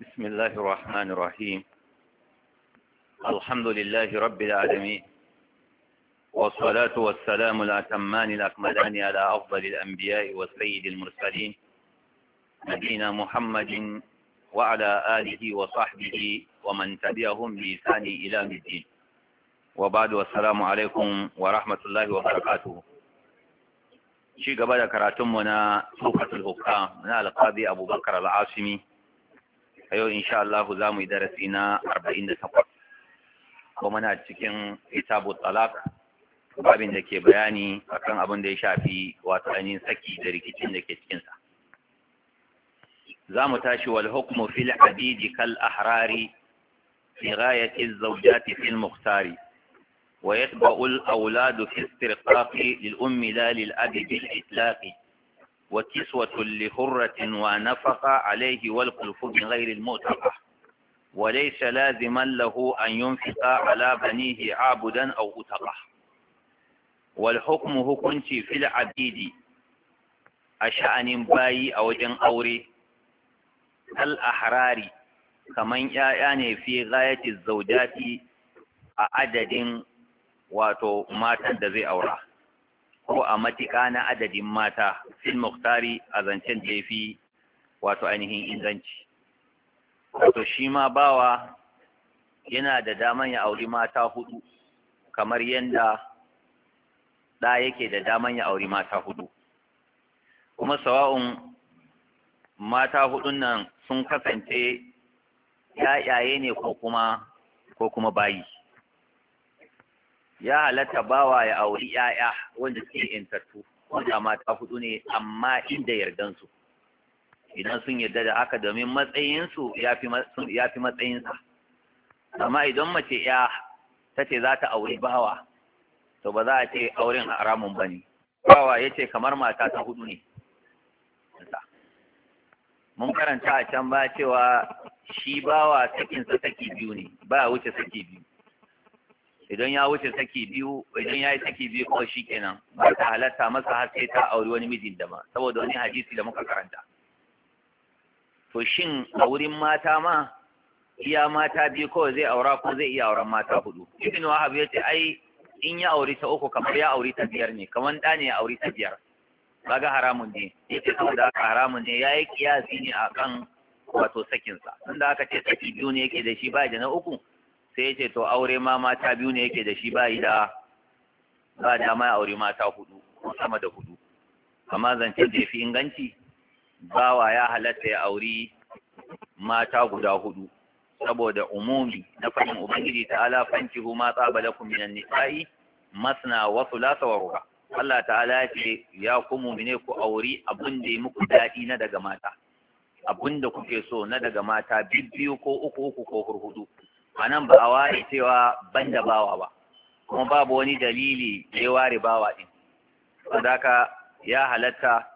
بسم الله الرحمن الرحيم الحمد لله رب العالمين والصلاة والسلام الأتمان الأكملان على أفضل الأنبياء والسيد المرسلين نبينا محمد وعلى آله وصحبه ومن تبعهم بإحسان إلى الدين وبعد والسلام عليكم ورحمة الله وبركاته شيخ بدر كراتمنا سوقة الحكام من القاضي أبو بكر العاصمي a yau insha Allah za mu yi darasi na arba'in da takwas. kuma muna cikin kitabu talaq babin da ke bayani akan abin da ya shafi wato ainihin saki da rikicin da ke cikinsa. Za zamu tashi wal hukmu fil adid kal ahrari fi ghayati az zawjati fil mukhtari ويتبع الأولاد في استرقاق للأم لا للأب بالإطلاق وكسوة لحرة ونفق عليه والخلف من غير المؤتقى وليس لازما له أن ينفق على بنيه عابدا أو أتقى والحكم هكنت في العبيد أشأن باي أو جن أوري الأحرار كمن يعني في غاية الزوجات a adadin wato matan da zai aura ko a matiƙa na adadin mata fil muktari a zancen da ya fi wato ainihin inganci wato shi ma bawa yana da daman ya auri mata hudu kamar yadda ɗa yake da daman ya auri mata hudu kuma sawa'un mata hudun nan sun kasance yayaye ne ko kuma ko kuma bayi ya halatta bawa ya auri ‘ya'ya wanda suke intattu wanda mata hudu ne amma inda yardansu idan sun yarda da haka domin matsayinsu ya fi matsayinsa amma idan mace ‘ya ta ce za ta auri bawa to ba za a ce auren haramun ba ne bawa ya ce kamar mata ta hudu ne mun karanta a can ba cewa shi bawa sakinsa saki biyu ne ba wuce saki biyu idan ya wuce saki biyu idan ya yi saki biyu kawai shi kenan ba ta halatta masa har sai ta auri wani mijin da ma saboda wani hadisi da muka karanta to shin a wurin mata ma iya mata biyu ko zai aura ko zai iya auren mata hudu ibn wahab ya ce ai in ya auri ta uku kamar ya auri ta biyar ne kamar da ne ya auri ta biyar kaga haramun ne ya ce saboda haka haramun ne ya yi kiyasi ne a kan wato sakinsa tunda aka ce saki biyu ne yake da shi ba da na uku sai ce to aure ma mata biyu ne yake da shi ba yi da ba da ma aure mata hudu ko sama da hudu amma zance da fi inganci bawa ya halatta ya auri mata guda hudu saboda umumi na fahim ubangiji ta'ala hu ma tsaba lakum minan nisa'i masna wa thulatha wa ruba Allah ta'ala ya ce ya kuma mine ku auri abun da muku daɗi na daga mata abun da kuke so na daga mata bibbiyu ko uku uku ko hurhudu a nan ba a ware cewa ban da bawa ba kuma babu wani dalili ya ware bawa ɗin sadaka ya halatta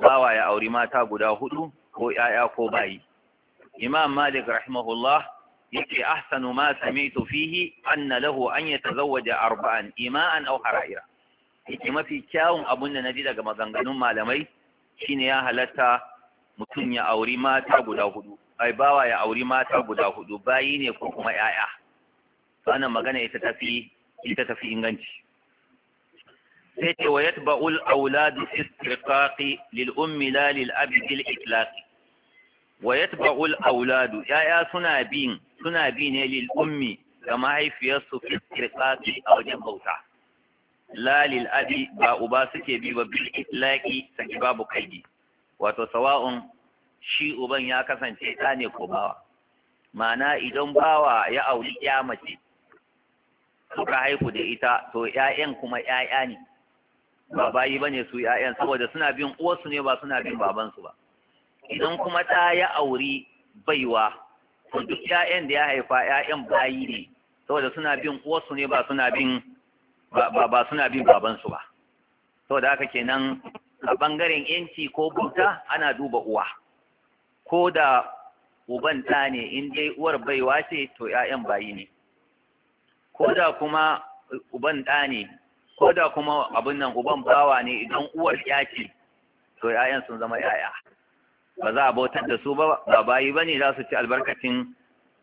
bawa ya auri mata guda hudu ko ‘ya'ya ko bayi imam malik rahimahullah yake ahsanu ma sami'tu fihi anna lahu an yatazawwaja arba'an ima'an aw hara'ira yake mafi kyawun abun da naji daga maganganun malamai shine ya halatta mutum ya auri mata guda hudu ai bawa ya auri mata guda hudu bayi ne ko kuma yaya wannan magana ita tafi ita tafi inganci sai ce wa yatba'u auladu awlad fi istiqaqi lil ummi la lil abi bil itlaq wa yatba'u al-awlad yaya suna bin suna bi ne lil ummi ga mahaifiyarsu fi istiqaqi a wajen bauta la lil abi ba uba suke bi ba bil itlaqi saki babu kaidi wato sawa'un shi uban ya kasance ɗa ne ko bawa ma'ana idan bawa ya auri ya mace suka haihu da ita to ƴaƴan kuma ƴaƴa ne ba bayi bane su ƴaƴan saboda suna bin uwarsu ne ba suna bin babansu ba idan kuma ɗa ya auri baiwa to duk ƴaƴan da ya haifa ƴaƴan bayi ne saboda suna bin uwarsu ne ba suna bin ba suna bin babansu ba saboda haka kenan a bangaren yanci ko bauta ana duba uwa ko da uban ɗa ne in dai uwar baiwa ce to ‘ya'yan bayi ne ko da kuma uban ɗa ne ko da kuma abin nan uban bawa ne idan uwar ya ce to ‘ya'yan sun zama ‘ya'ya ba za a bautar da su ba ba bayi ba ne za su ci albarkacin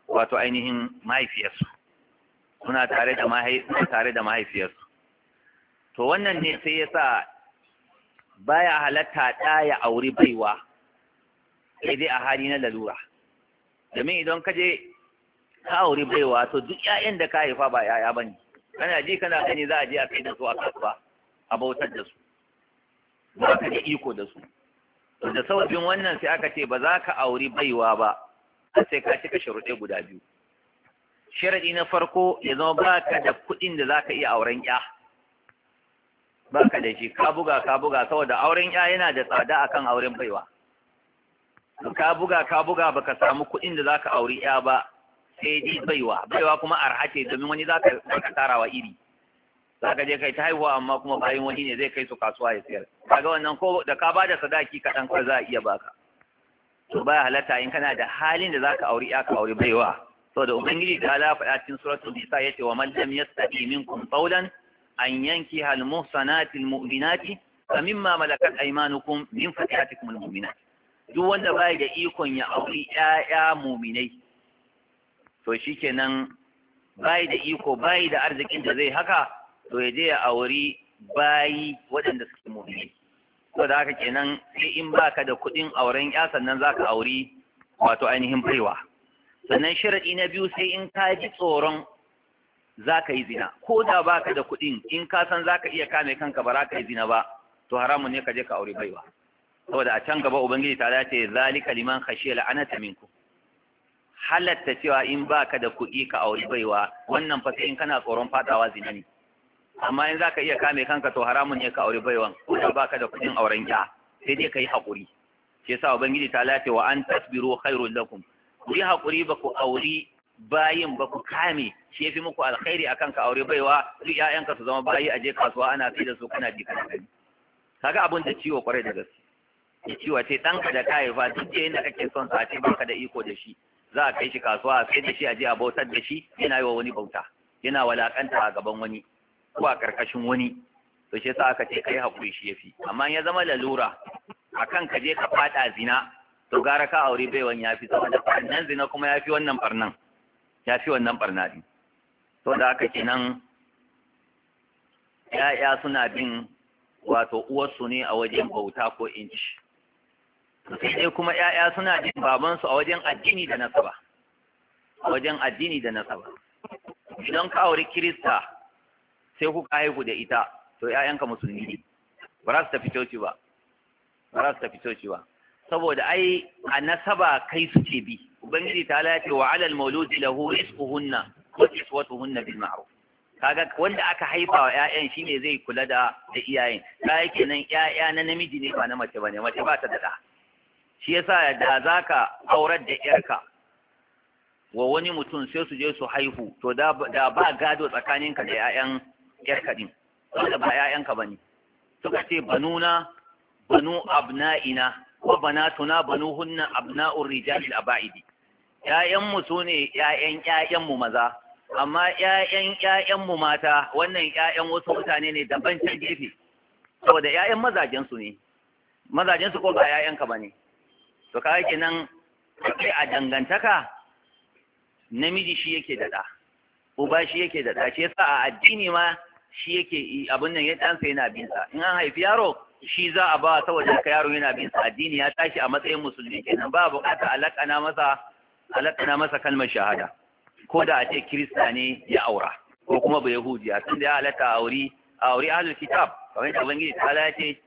wato ainihin mahaifiyarsu suna tare da mahaifiyarsu to wannan ne sai ya sa baya halatta ɗa ya auri baiwa sai dai a hali na lalura domin idan ka je ka auri baiwa to duk ƴaƴan da ka haifa ba ƴaƴa bane kana ji kana gani za a je a kai da su a kasuwa a bautar da su ba ka da iko da su to da sababin wannan sai aka ce ba za ka auri baiwa ba sai ka cika sharuɗe guda biyu sharaɗi na farko ya zama ba ka da kuɗin da za ka iya auren ƴa baka da shi ka buga ka buga saboda auren ya yana da tsada akan auren baiwa ka buga ka buga baka samu kuɗin da zaka auri ya ba sai dai baiwa baiwa kuma a ce domin wani zaka zaka tarawa iri zaka je kai ta haihuwa amma kuma bayan wani ne zai kai su kasuwa ya sayar kaga wannan ko da ka bada sadaki kaɗan kawai za a iya baka to baya halatta in kana da halin da zaka auri ya ka auri baiwa saboda ubangiji ta ala faɗa cikin suratul nisa yace wa man lam yastati minkum qawlan an yanki hal muhsanati al mu'minati famimma malakat aymanukum min duk wanda bai da ikon ya auri ƴaƴa mu'minai to shikenan bayi da iko bayi da arzikin da zai haka to ya je ya auri bayi waɗanda suke mu'minai to da haka kenan sai in baka da kuɗin auren ƴa sannan zaka auri wato ainihin baiwa sannan sharadi na biyu sai in ka ji tsoron za ka yi zina ko da ba ka da kuɗin in ka san za ka iya kame kanka ba za ka yi zina ba to haramun ne ka je ka aure baiwa saboda a can gaba ubangiji ta dace zalika liman khashiya la'anata minku halatta cewa in ba ka da kuɗi ka aure baiwa wannan fa sai in kana tsoron fadawa zina ne amma in za ka iya kame kanka to haramun ne ka aure baiwan ko da ba ka da kuɗin auren ya sai dai ka yi hakuri. shi yasa ubangiji ta lace wa an tasbiru khairul lakum ku yi hakuri ba ku auri bayin ba ku kame shi yafi muku alkhairi akan ka aure baiwa duk ƴaƴanka su zama bayi a je kasuwa ana fi da su kana ji kana gani kaga abun da ciwo kwarai da gaske ya ciwo ce ɗanka da ka haifa duk da yadda kake son sa a ce baka da iko da shi za a kai shi kasuwa a sai da shi a je a bautar da shi yana yi wa wani bauta yana walakanta a gaban wani ko a karkashin wani to shi yasa aka ce kai hakuri shi yafi amma ya zama lalura akan ka je ka fada zina to gara ka aure baiwan yafi saboda farnan zina kuma yafi wannan farnan ya fi wannan barna din to da aka kenan ya'ya suna bin wato uwarsu ne a wajen bauta ko inci sai dai kuma ya'ya suna bin babansu a wajen addini da nasaba a wajen addini da nasaba idan ka auri kirista sai kuka haihu da ita to 'ya'yanka musulmi ne ba za su tafi coci ba ba za su tafi coci ba saboda ai a nasaba kai suke bi ubangiji ta ya ce wa alal mauludi lahu rizquhunna wa kiswatuhunna bil ma'ruf kaga wanda aka haifa wa ƴaƴan shine zai kula da da iyayen ka yake nan ƴaƴa na namiji ne ba na mace bane mace ba ta da shi yasa da zaka aurar da ƴarka wa wani mutum sai su je su haihu to da ba gado tsakaninka da ƴaƴan ƴarka din wanda ba ƴaƴanka bane suka ce banuna banu abna'ina wa banatuna banuhunna abna'ur rijal al-aba'idi ‘ya'yanmu su ne ‘ya'yan ‘ya'yanmu maza, amma ‘ya'yan ‘ya'yanmu mata wannan ‘ya'yan wasu mutane ne daban can gefe, saboda ‘ya'yan mazajensu ne, mazajensu ko ba ‘ya'yanka ba ne. To ka yake nan a dangantaka namiji shi yake da ɗa, uba shi yake da ɗa, shi yasa a addini ma shi yake abin nan ya ɗansa yana sa. in an haifi yaro shi za a ba saboda ka yaro yana sa. addini ya tashi a matsayin musulmi kenan ba buƙatar na masa halatta masa kalmar shahada ko da a ce kirista ne ya aura ko kuma bai yahudi a tunda ya halatta a wuri a wuri ahlul kitab kamar yadda ubangiji ta halace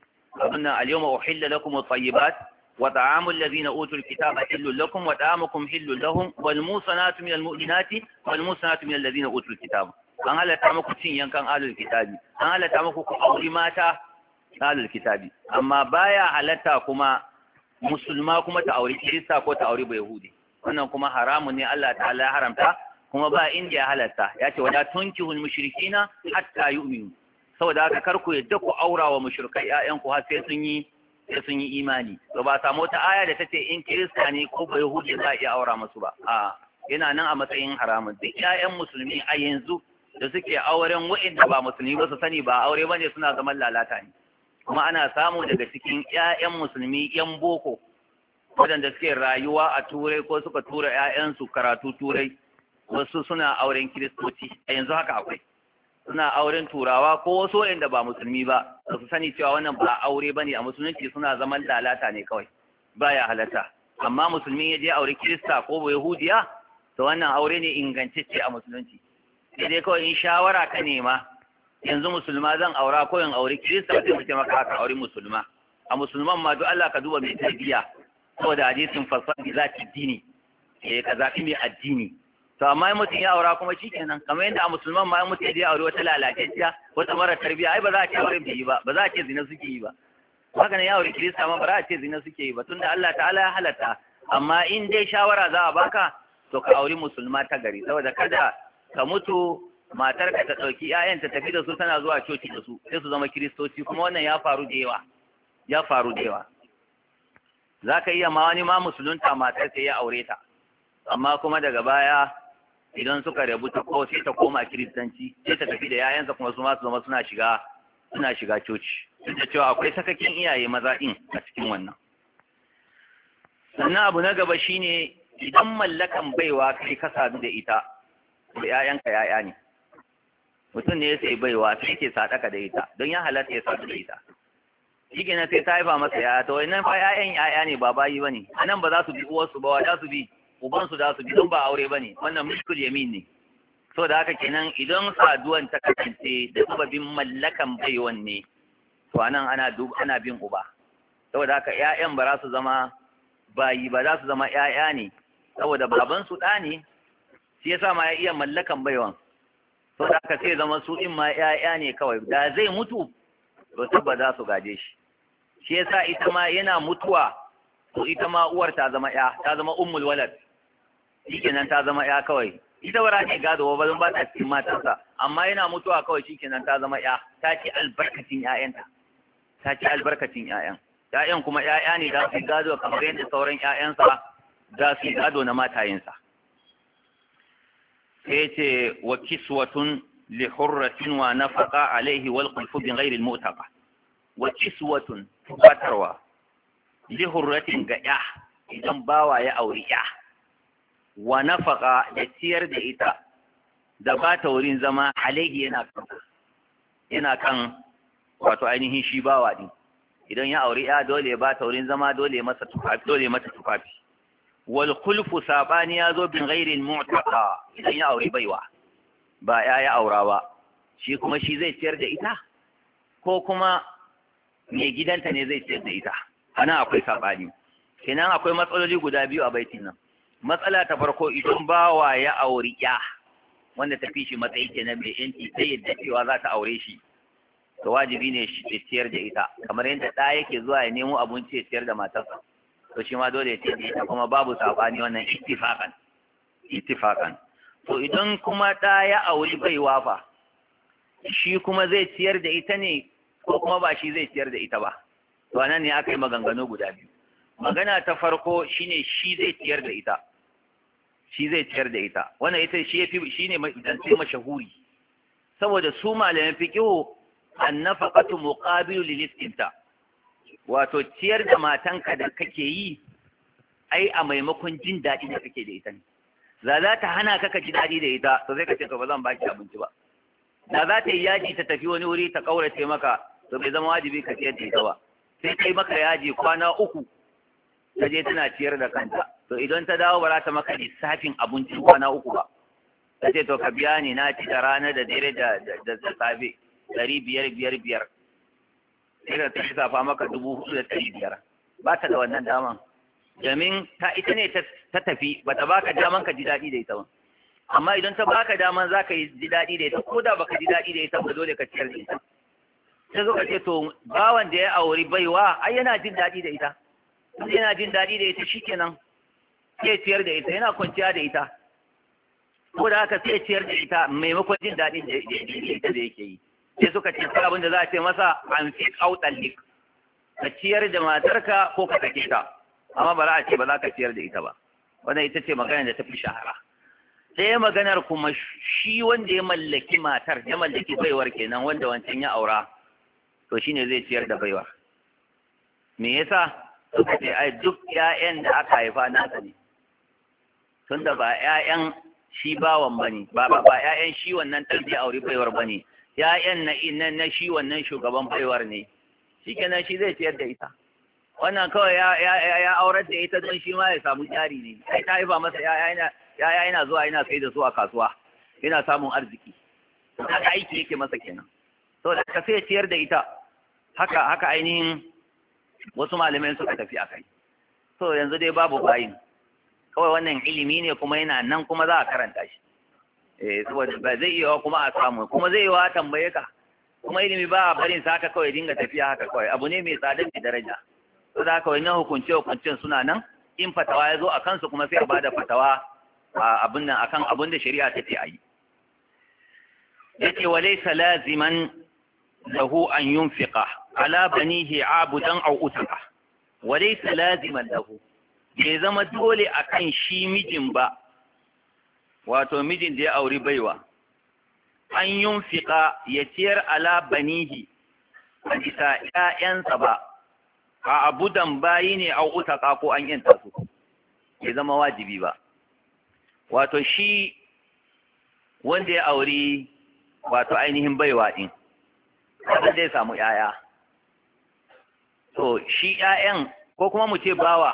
abin nan al-yawma uhilla lakum at-tayyibat wa ta'amu alladhina utul kitaba hillu lakum wa ta'amukum hillu lahum wal musanatu minal mu'minati wal musanatu minal ladhina utul kitaba an halatta muku cin yankan ahlul kitabi an halatta muku ku auri mata ahlul kitabi amma baya halatta kuma musulma kuma ta auri kirista ko ta auri bai yahudi wannan kuma haramun ne Allah ta'ala ya haramta kuma ba inda ya halatta ya ce tun tunkihul mushrikina hatta yu'minu saboda haka kar ku yadda ku aura wa mushrikai ƴaƴan ku har sai sun yi sai sun yi imani to ba samu ta aya da tace in kirista ne ko ba yahudi za a iya aura musu ba a yana nan a matsayin haramun duk ƴaƴan musulmi a yanzu da suke auren wa'inda ba musulmi ba su sani ba aure ne suna zaman lalata ne kuma ana samu daga cikin ƴaƴan musulmi ƴan boko waɗanda suke rayuwa a turai ko suka tura 'ya'yansu karatu turai wasu suna auren kiristoci a yanzu haka akwai suna auren turawa ko wasu waɗanda ba musulmi ba da su sani cewa wannan ba aure ba ne a musulunci suna zaman lalata ne kawai baya halatta amma musulmi ya je aure kirista ko yahudiya to wannan aure ne ingantacce a musulunci sai dai kawai in shawara ka nema yanzu musulma zan aura ko yin aure kirista sai mu ce maka haka aure musulma a musulman ma duk Allah ka duba mai tarbiyya saboda hadisin falsafa za zati dini eh ka zafi mai addini to amma in mutum ya aura kuma nan. kamar yadda a musulman ma in mutum ya aure wata lalatacciya wata mara tarbiyya ai ba za a ce aure bai yi ba ba za a ce zina suke yi ba haka nan ya aure kirista ma ba za a ce zina suke yi ba tunda Allah ta'ala ya halatta amma in dai shawara za a baka to ka auri musulma ta gari saboda kada ka mutu matar ka ta ɗauki ƴaƴan ta tafi da su tana zuwa coci da su sai su zama kiristoci kuma wannan ya faru da yawa ya faru da yawa za ka iya ma wani ma musulunta matar ta ya aure ta amma kuma daga baya idan suka rabu ta ko sai ta koma kiristanci sai ta tafi da yayansa kuma su ma su zama suna shiga suna shiga coci duk da cewa akwai sakakin iyaye maza din a cikin wannan sannan abu na gaba shine idan mallakan baiwa kai ka sadu da ita da yayanka yaya ne mutum ne ya sai baiwa sai ke sadaka da ita don ya halatta ya sadu da ita shi sai ta haifa masa ya ta Wani nan fa ƴaƴan ƴaƴa ne ba bayi bane anan ba za su bi uwarsu ba za su bi ubansu za su bi don ba aure bane wannan mushkul yamin ne so da haka kenan idan saduwan ta kasance da sababin mallakan baiwan ne to anan ana dub ana bin uba saboda haka ƴaƴan ba za su zama bayi ba za su zama ƴaƴa ne saboda baban su ɗa ne shi yasa ma ya iya mallakan baiwan saboda haka sai zama su in ma ƴaƴa ne kawai da zai mutu to ba za su gaje shi shi yasa ita ma yana mutuwa to ita ma uwar ta zama ya ta zama ummul walad shikenan ta zama ya kawai ita ba ne gado ba zan ba ta cikin matansa amma yana mutuwa kawai shikenan ta zama ya ta ci albarkacin ƴaƴanta ta ci albarkacin ƴaƴan ƴaƴan kuma ƴaƴa ne za su gado kamar yadda sauran ƴaƴansa za su gado na matayensa sai ce wa kiswatun لحرة ونفقة عليه والقلف بغير ga 'ya تبتروى لحرة قياه إذا باوى يا أورياه ونفقة يتير دئتا da ba ta wurin zama alaihi yana kan wato ainihin shi bawa din idan ya auri ya dole ba ta wurin zama dole masa tufafi dole mata tufafi wal khulfu sabani zo bin gairin mu'taqa idan ya auri baiwa ba ya ya aura ba shi kuma shi zai ciyar da ita ko kuma mai gidanta ne zai ciyar da ita ana akwai saɓani kenan akwai matsaloli guda biyu a baitin nan matsala ta farko idan ba wa ya auri ya wanda ta fi shi matsayi kenan mai yanki sai yadda cewa za ta aure shi to wajibi ne shi ya ciyar da ita kamar yadda ɗa yake zuwa ya nemo abinci ya ciyar da matarsa to shi ma dole ya ciyar da ita kuma babu saɓani wannan itifakan ittifaƙan to idan kuma ɗa ya auri baiwa wafa shi kuma zai ciyar da ita ne ko kuma ba shi zai ciyar da ita ba to anan ne aka yi maganganu guda biyu magana ta farko shine shi zai ciyar da ita shi zai ciyar da ita wannan ita shi yafi shine sai mashahuri saboda su malaman fiqhu annafaqatu muqabilu lil istinta wato ciyar da matanka da kake yi ai a maimakon jin daɗi da kake da ita ne da za ta hana ka ka ji daɗi da ita to ka ce to ba zan baki abinci ba da za ta yi yaji ta tafi wani wuri ta kaurace maka to bai zama wajibi ka ciyar da ita ba sai kai maka yaji kwana uku ta je tana ciyar da kanta to idan ta dawo ba za ta maka lissafin abinci kwana uku ba ta ce to ka biya ni na ci da rana da dare da da safe ɗari biyar biyar biyar sai ta ta safa maka dubu hudu da ɗari biyar ba ta da wannan daman domin ta ita ne ta tafi ba ta baka daman ka ji daɗi da ita ba amma idan ta baka daman za ka yi ji daɗi da ita ko da ba ka ji daɗi da ita ba dole ka ciyar da ita sai zo ka ce to bawan da ya auri baiwa ai yana jin daɗi da ita yana jin daɗi da ita shi kenan sai ciyar da ita yana kwanciya da ita ko da haka sai ciyar da ita maimakon jin daɗin da ita da yake yi sai suka ce abin da za a ce masa an fi autallik ka ciyar da matarka ko ka sake ta amma ba za a ce ba za ka ciyar da ita ba wannan ita ce magana da ta fi shahara ɗaya maganar kuma shi wanda ya mallaki matar ya mallaki baiwar kenan wanda wancan ya aura to shine zai ciyar da baiwar me yasa suka ce ai duk ƴaƴan da aka haifa nasa ne tunda ba ƴaƴan shi bawan bane ba ba ba ƴaƴan shi wannan ɗan zai auri baiwar bane ƴaƴan na na shi wannan shugaban baiwar ne shikenan shi zai ciyar da ita wannan kawai ya aurar da ita don shi ma ya samu jari ne sai ta haifa masa ya'ya yana zuwa yana sai da su a kasuwa yana samun arziki haka aiki yake masa kenan to da ka sai ciyar da ita haka haka ainihin wasu malamai suka tafi akai to yanzu dai babu bayin kawai wannan ilimi ne kuma yana nan kuma za a karanta shi eh saboda ba zai iya kuma a samu kuma zai yiwa tambaye ka kuma ilimi ba a barin sa haka kawai dinga tafiya haka kawai abu ne mai tsadar da daraja to da haka wannan hukunce hukuncen suna nan in fatawa ya zo a kansu kuma sai a bada fatawa a abin nan akan abin da shari'a ta ce a yi wa walaysa laziman lahu an yunfiqa ala banihi abudan aw utaka walaysa laziman lahu Me zama dole akan shi mijin ba wato mijin da ya auri baiwa an yunfiqa ya ciyar ala banihi a bisa ƴaƴansa ba a abudan bayi ne a utaka ko an yanta su bai zama wajibi ba wato shi wanda ya auri wato ainihin baiwa din da zai samu yaya to shi yayan ko kuma mu ce bawa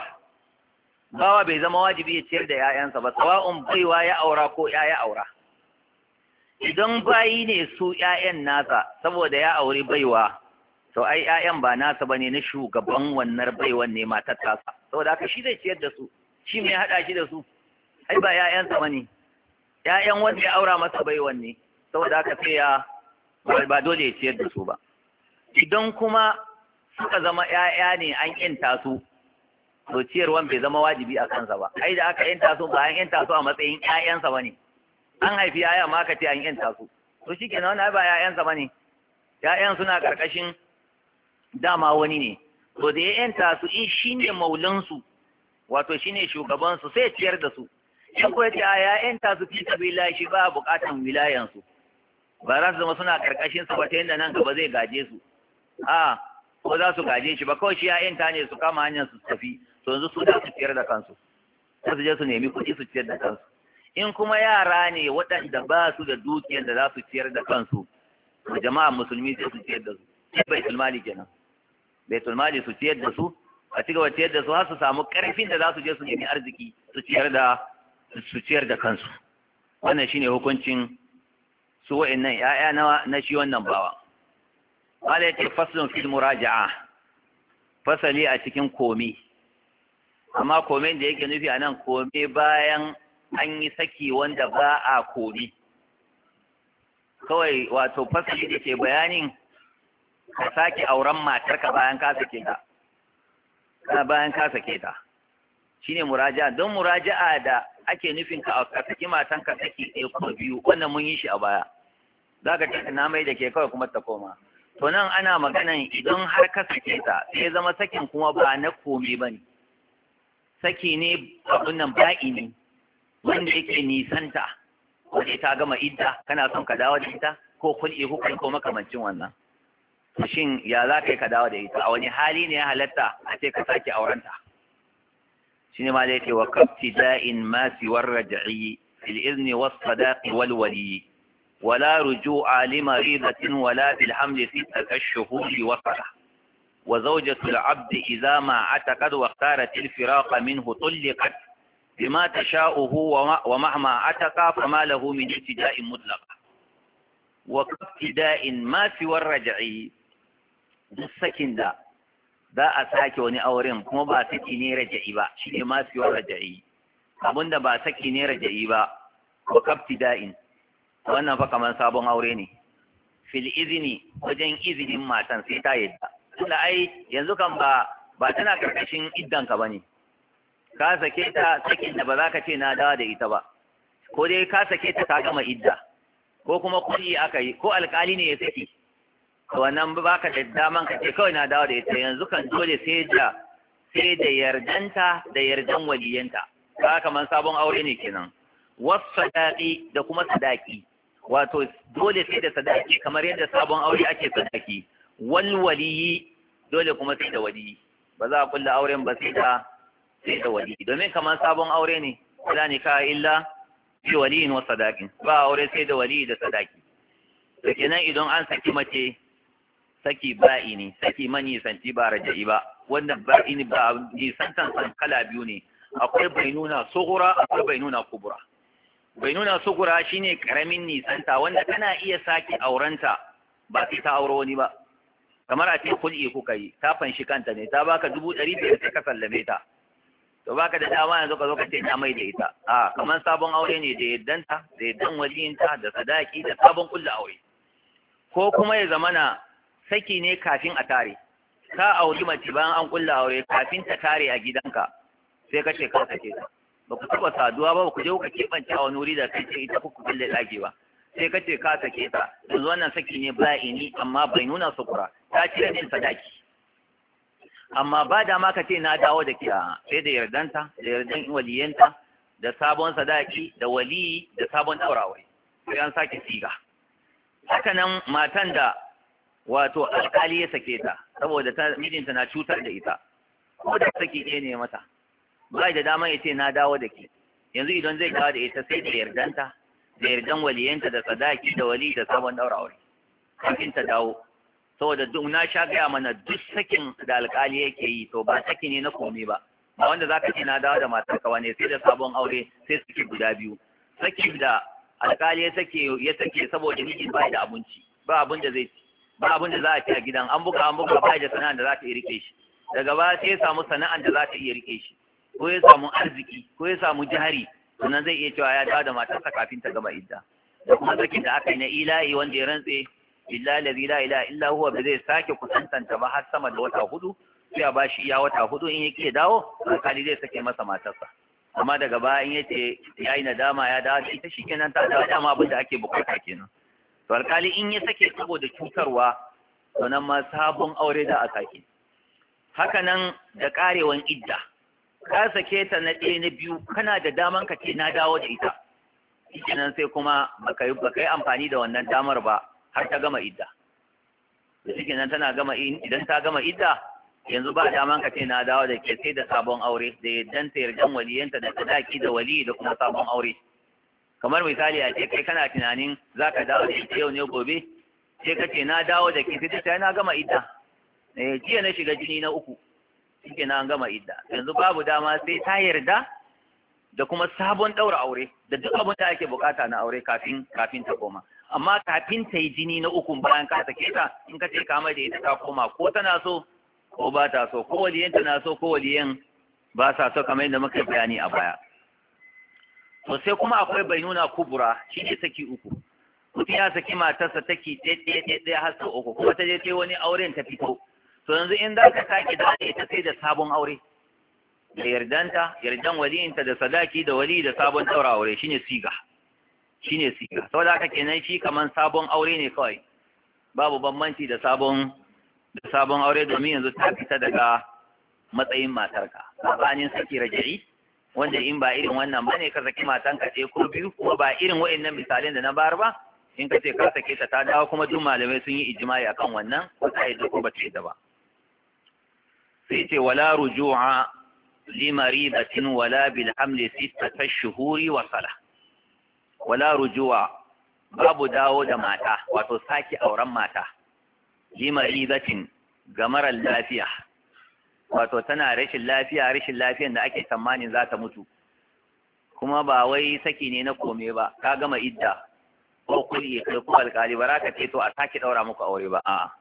bawa bai zama wajibi ya ciyar da yayansa ba tsawon baiwa ya aura ko yaya aura idan bayi ne su yayan nasa saboda ya auri baiwa to ai ƴaƴan ba nasa bane na shugaban wannan baiwan ne matar tasa saboda haka shi zai ciyar da su shi mai haɗa shi da su ai ba ƴaƴansa bane ƴaƴan wanda ya aura masa baiwan ne saboda haka sai ya ba dole ya ciyar da su ba idan kuma suka zama ƴaƴa ne an ƴanta su to ciyarwan bai zama wajibi a kansa ba ai da aka ƴanta su ba an ƴanta su a matsayin ƴaƴansa bane an haifi ƴaƴa ma ka ce an ƴanta su to shikenan wannan ba ƴaƴansa bane ƴaƴan suna ƙarƙashin dama wani ne to da ya yanta su in shine maulansu wato shine ne shugabansu sai ciyar da su in kuwa yace a ya yanta su fi kabila shi ba bukatan wilayan ba za su zama suna karkashin su ba ta yanda nan gaba zai gaje su a ko za su gaje shi ba kawai shi ya yanta ne su kama hanyar su tafi to yanzu su da su ciyar da kansu sai su je su nemi kuɗi su ciyar da kansu in kuma yara ne waɗanda ba su da dukiyar da za su ciyar da kansu jama'a musulmi sai su ciyar da su sai bai sulmani kenan baitul mali su ciyar da su a cigaba ciyar da su har su samu karfin da za su je su nemi arziki su ciyar da su ciyar da kansu wannan shine hukuncin su wa'annan ya'ya na na shi wannan bawa qala yake faslun fil muraja'a fasali a cikin komi amma komen da yake nufi anan kome bayan an yi saki wanda ba a komi kawai wato fasali da ke bayanin ka sake auren matarka bayan ka sake ta bayan ka sake ta shine muraja'a don muraja'a da ake nufin ka a saki ka saki ɗaya ko biyu wannan mun yi shi a baya za ka tafi na mai da ke kawai kuma ta koma to nan ana maganan idan har ka sake ta sai zama sakin kuma ba na komai ba ne saki ne abin nan ba'i ne wanda yake nisanta wanda ta gama idda kana son ka dawo da ita ko kul'i hukunci ko makamancin wannan shin ya za ka yi ka dawo da ita a wani hali ne ya halatta a ce ka sake aurenta shi ne ma da yake wa kafti da'in ma siwar raja'i fil izni was sadaqi wal wali wala ruju'a li maridatin wala bil hamli fi takashshuhuri wa sala wa zawjatu al abdi idza ma ataqad wa ikhtarat al firaqa minhu tulliqat bima tasha'uhu wa mahma ataqa fama lahu min ibtida'in mutlaqa wa kafti da'in ma siwar raja'i duk sakin da za a sake wani auren kuma ba saki ne raja'i ba shi ne masu yawan raja'i abinda ba saki ne raja'i ba wa kafti da'in wannan fa kamar sabon aure ne fil izini wajen izinin matan sai ta yadda tunda ai yanzu kan ba ba tana karkashin iddanka ba ne ka sake ta sakin da ba za ka ce na dawa da ita ba ko dai ka sake ta ka gama idda ko kuma kuɗi aka yi ko alƙali ne ya saki wannan ba ka da daman ka ce kawai na dawo da ita yanzu kan dole sai da sai da yardanta da yardan waliyanta ka kamar sabon aure ne kenan wasu sadaki da kuma sadaki wato dole sai da sadaki kamar yadda sabon aure ake sadaki wal waliyi dole kuma sai da waliyi ba za a kulla auren ba sai da sai da waliyi domin kamar sabon aure ne kula ne ka illa fi waliyin wa sadakin ba aure sai da waliyi da sadaki da kenan idan an saki mace saki ba'i ne saki manisanci ba raja'i ba wannan ba'i ne ba nisantan san kala biyu ne akwai bainuna sugura akwai bainuna kubura bainuna sugura shine karamin nisanta wanda kana iya sake aurenta ba sai ta auro wani ba kamar a ce kul'i kuka yi ta fanshi kanta ne ta baka dubu ɗari biyar sai ka sallame ta to baka da dama yanzu ka zo ka ce ta mai da ita a kamar sabon aure ne da yaddanta da yaddan waliyinta da sadaki da sabon kulla aure ko kuma ya zamana saki ne kafin a tare ka auri mace bayan an kulla aure kafin ta tare a gidanka sai ka ka sake ta ba ku taba saduwa ba ku je kuka keɓance a wani da kai ce ita kuka kulle ɗaki ba sai ka ka sake ta yanzu wannan saki ne ba ini amma bai nuna sukura ta ce ne sadaki amma ba da ma ka ce na dawo da kiya sai da yardanta da yardan waliyanta da sabon sadaki da waliyi da sabon daura sai an sake siga haka nan matan da wato alƙali ya sake ta saboda ta mijinta na cutar da ita ko da saki ne mata ba da dama ya ce na dawo da ke yanzu idan zai dawo da ita sai da yardanta da yardan waliyanta da sadaki da wali da sabon ɗaura aure kafin ta dawo saboda duk na sha gaya mana duk sakin da alƙali yake yi to ba saki ne na komai ba ba wanda zaka ce na dawo da matar kawa ne sai da sabon aure sai saki guda biyu sakin da alƙali ya sake ya sake saboda miji ba da abinci ba abin da zai ci ba abin da za a ci a gidan an buga an buga ba da sana'an da za ta iya rike shi daga ba sai ya samu sana'an da za ta iya rike shi ko ya samu arziki ko ya samu jihari sannan zai iya cewa ya dawo da matarsa kafin ta gama idda da kuma sakin da aka yi na ilahi wanda ya rantse billahi la ilaha illa illa huwa ba zai sake kusantanta ba har sama da wata hudu sai a ba shi iya wata hudu in yake dawo alkali zai sake masa matarsa amma daga baya in yace ya nadama ya dawo da ita shikenan ta dawo dama abin da ake bukata kenan to alkali in ya sake saboda cutarwa to nan ma sabon aure da a sake haka nan da karewan idda ka sake ta na ɗaya na biyu kana da daman ka ce na dawo da ita shi sai kuma baka yi baka yi amfani da wannan damar ba har ta gama idda to shi kenan tana gama idan ta gama idda yanzu ba daman ka ce na dawo da ke sai da sabon aure da yaddan ta yardan waliyanta da sadaki da wali da kuma sabon aure kamar misali a ce kai kana tunanin za ka dawo da ita yau ne gobe sai ka ce na dawo da ke sai ta na gama idda eh jiya na shiga jini na uku shike na gama idda yanzu babu dama sai ta yarda da kuma sabon ɗaura aure da duk abin da ake bukata na aure kafin kafin ta koma amma kafin ta yi jini na uku bayan ka sake ta in ka ce ka mai da ita ta koma ko tana so ko ba ta so ko waliyan tana so ko waliyan ba sa so kamar yadda muka bayani a baya to sai kuma akwai bainuna kubura shi ne saki uku mutum ya saki matarsa take ɗaya har sau uku kuma ta je ta wani auren ta fito to yanzu in za ka sake dace ta sai da sabon aure da yardanta yardan waliyinta da sadaki da wali da sabon ɗaura aure shine siga shine siga saboda haka kenan shi kaman sabon aure ne kawai babu bambanci da sabon da sabon aure domin yanzu ta fita daga matsayin matarka tsakanin saki raja'i wanda in ba irin wannan ne ka saki matan ka ce ko biyu kuma ba irin wa'annan misalin da na bar ba in ka ce ka sake ta ta dawo kuma duk malamai sun yi ijma'i akan wannan ko ta yi ko ba ta yi da ba sai ce wala ruju'a li maridatin wala bil hamli sittata shuhuri wa sala wala ruju'a babu dawo da mata wato saki auren mata li maridatin ga marar lafiya wato tana rashin lafiya rashin lafiyan da ake tsammanin za ta mutu kuma ba wai saki ne na kome ba ka gama idda ko kulli ko ko alƙali ba raka ce to a sake daura muku aure ba a'a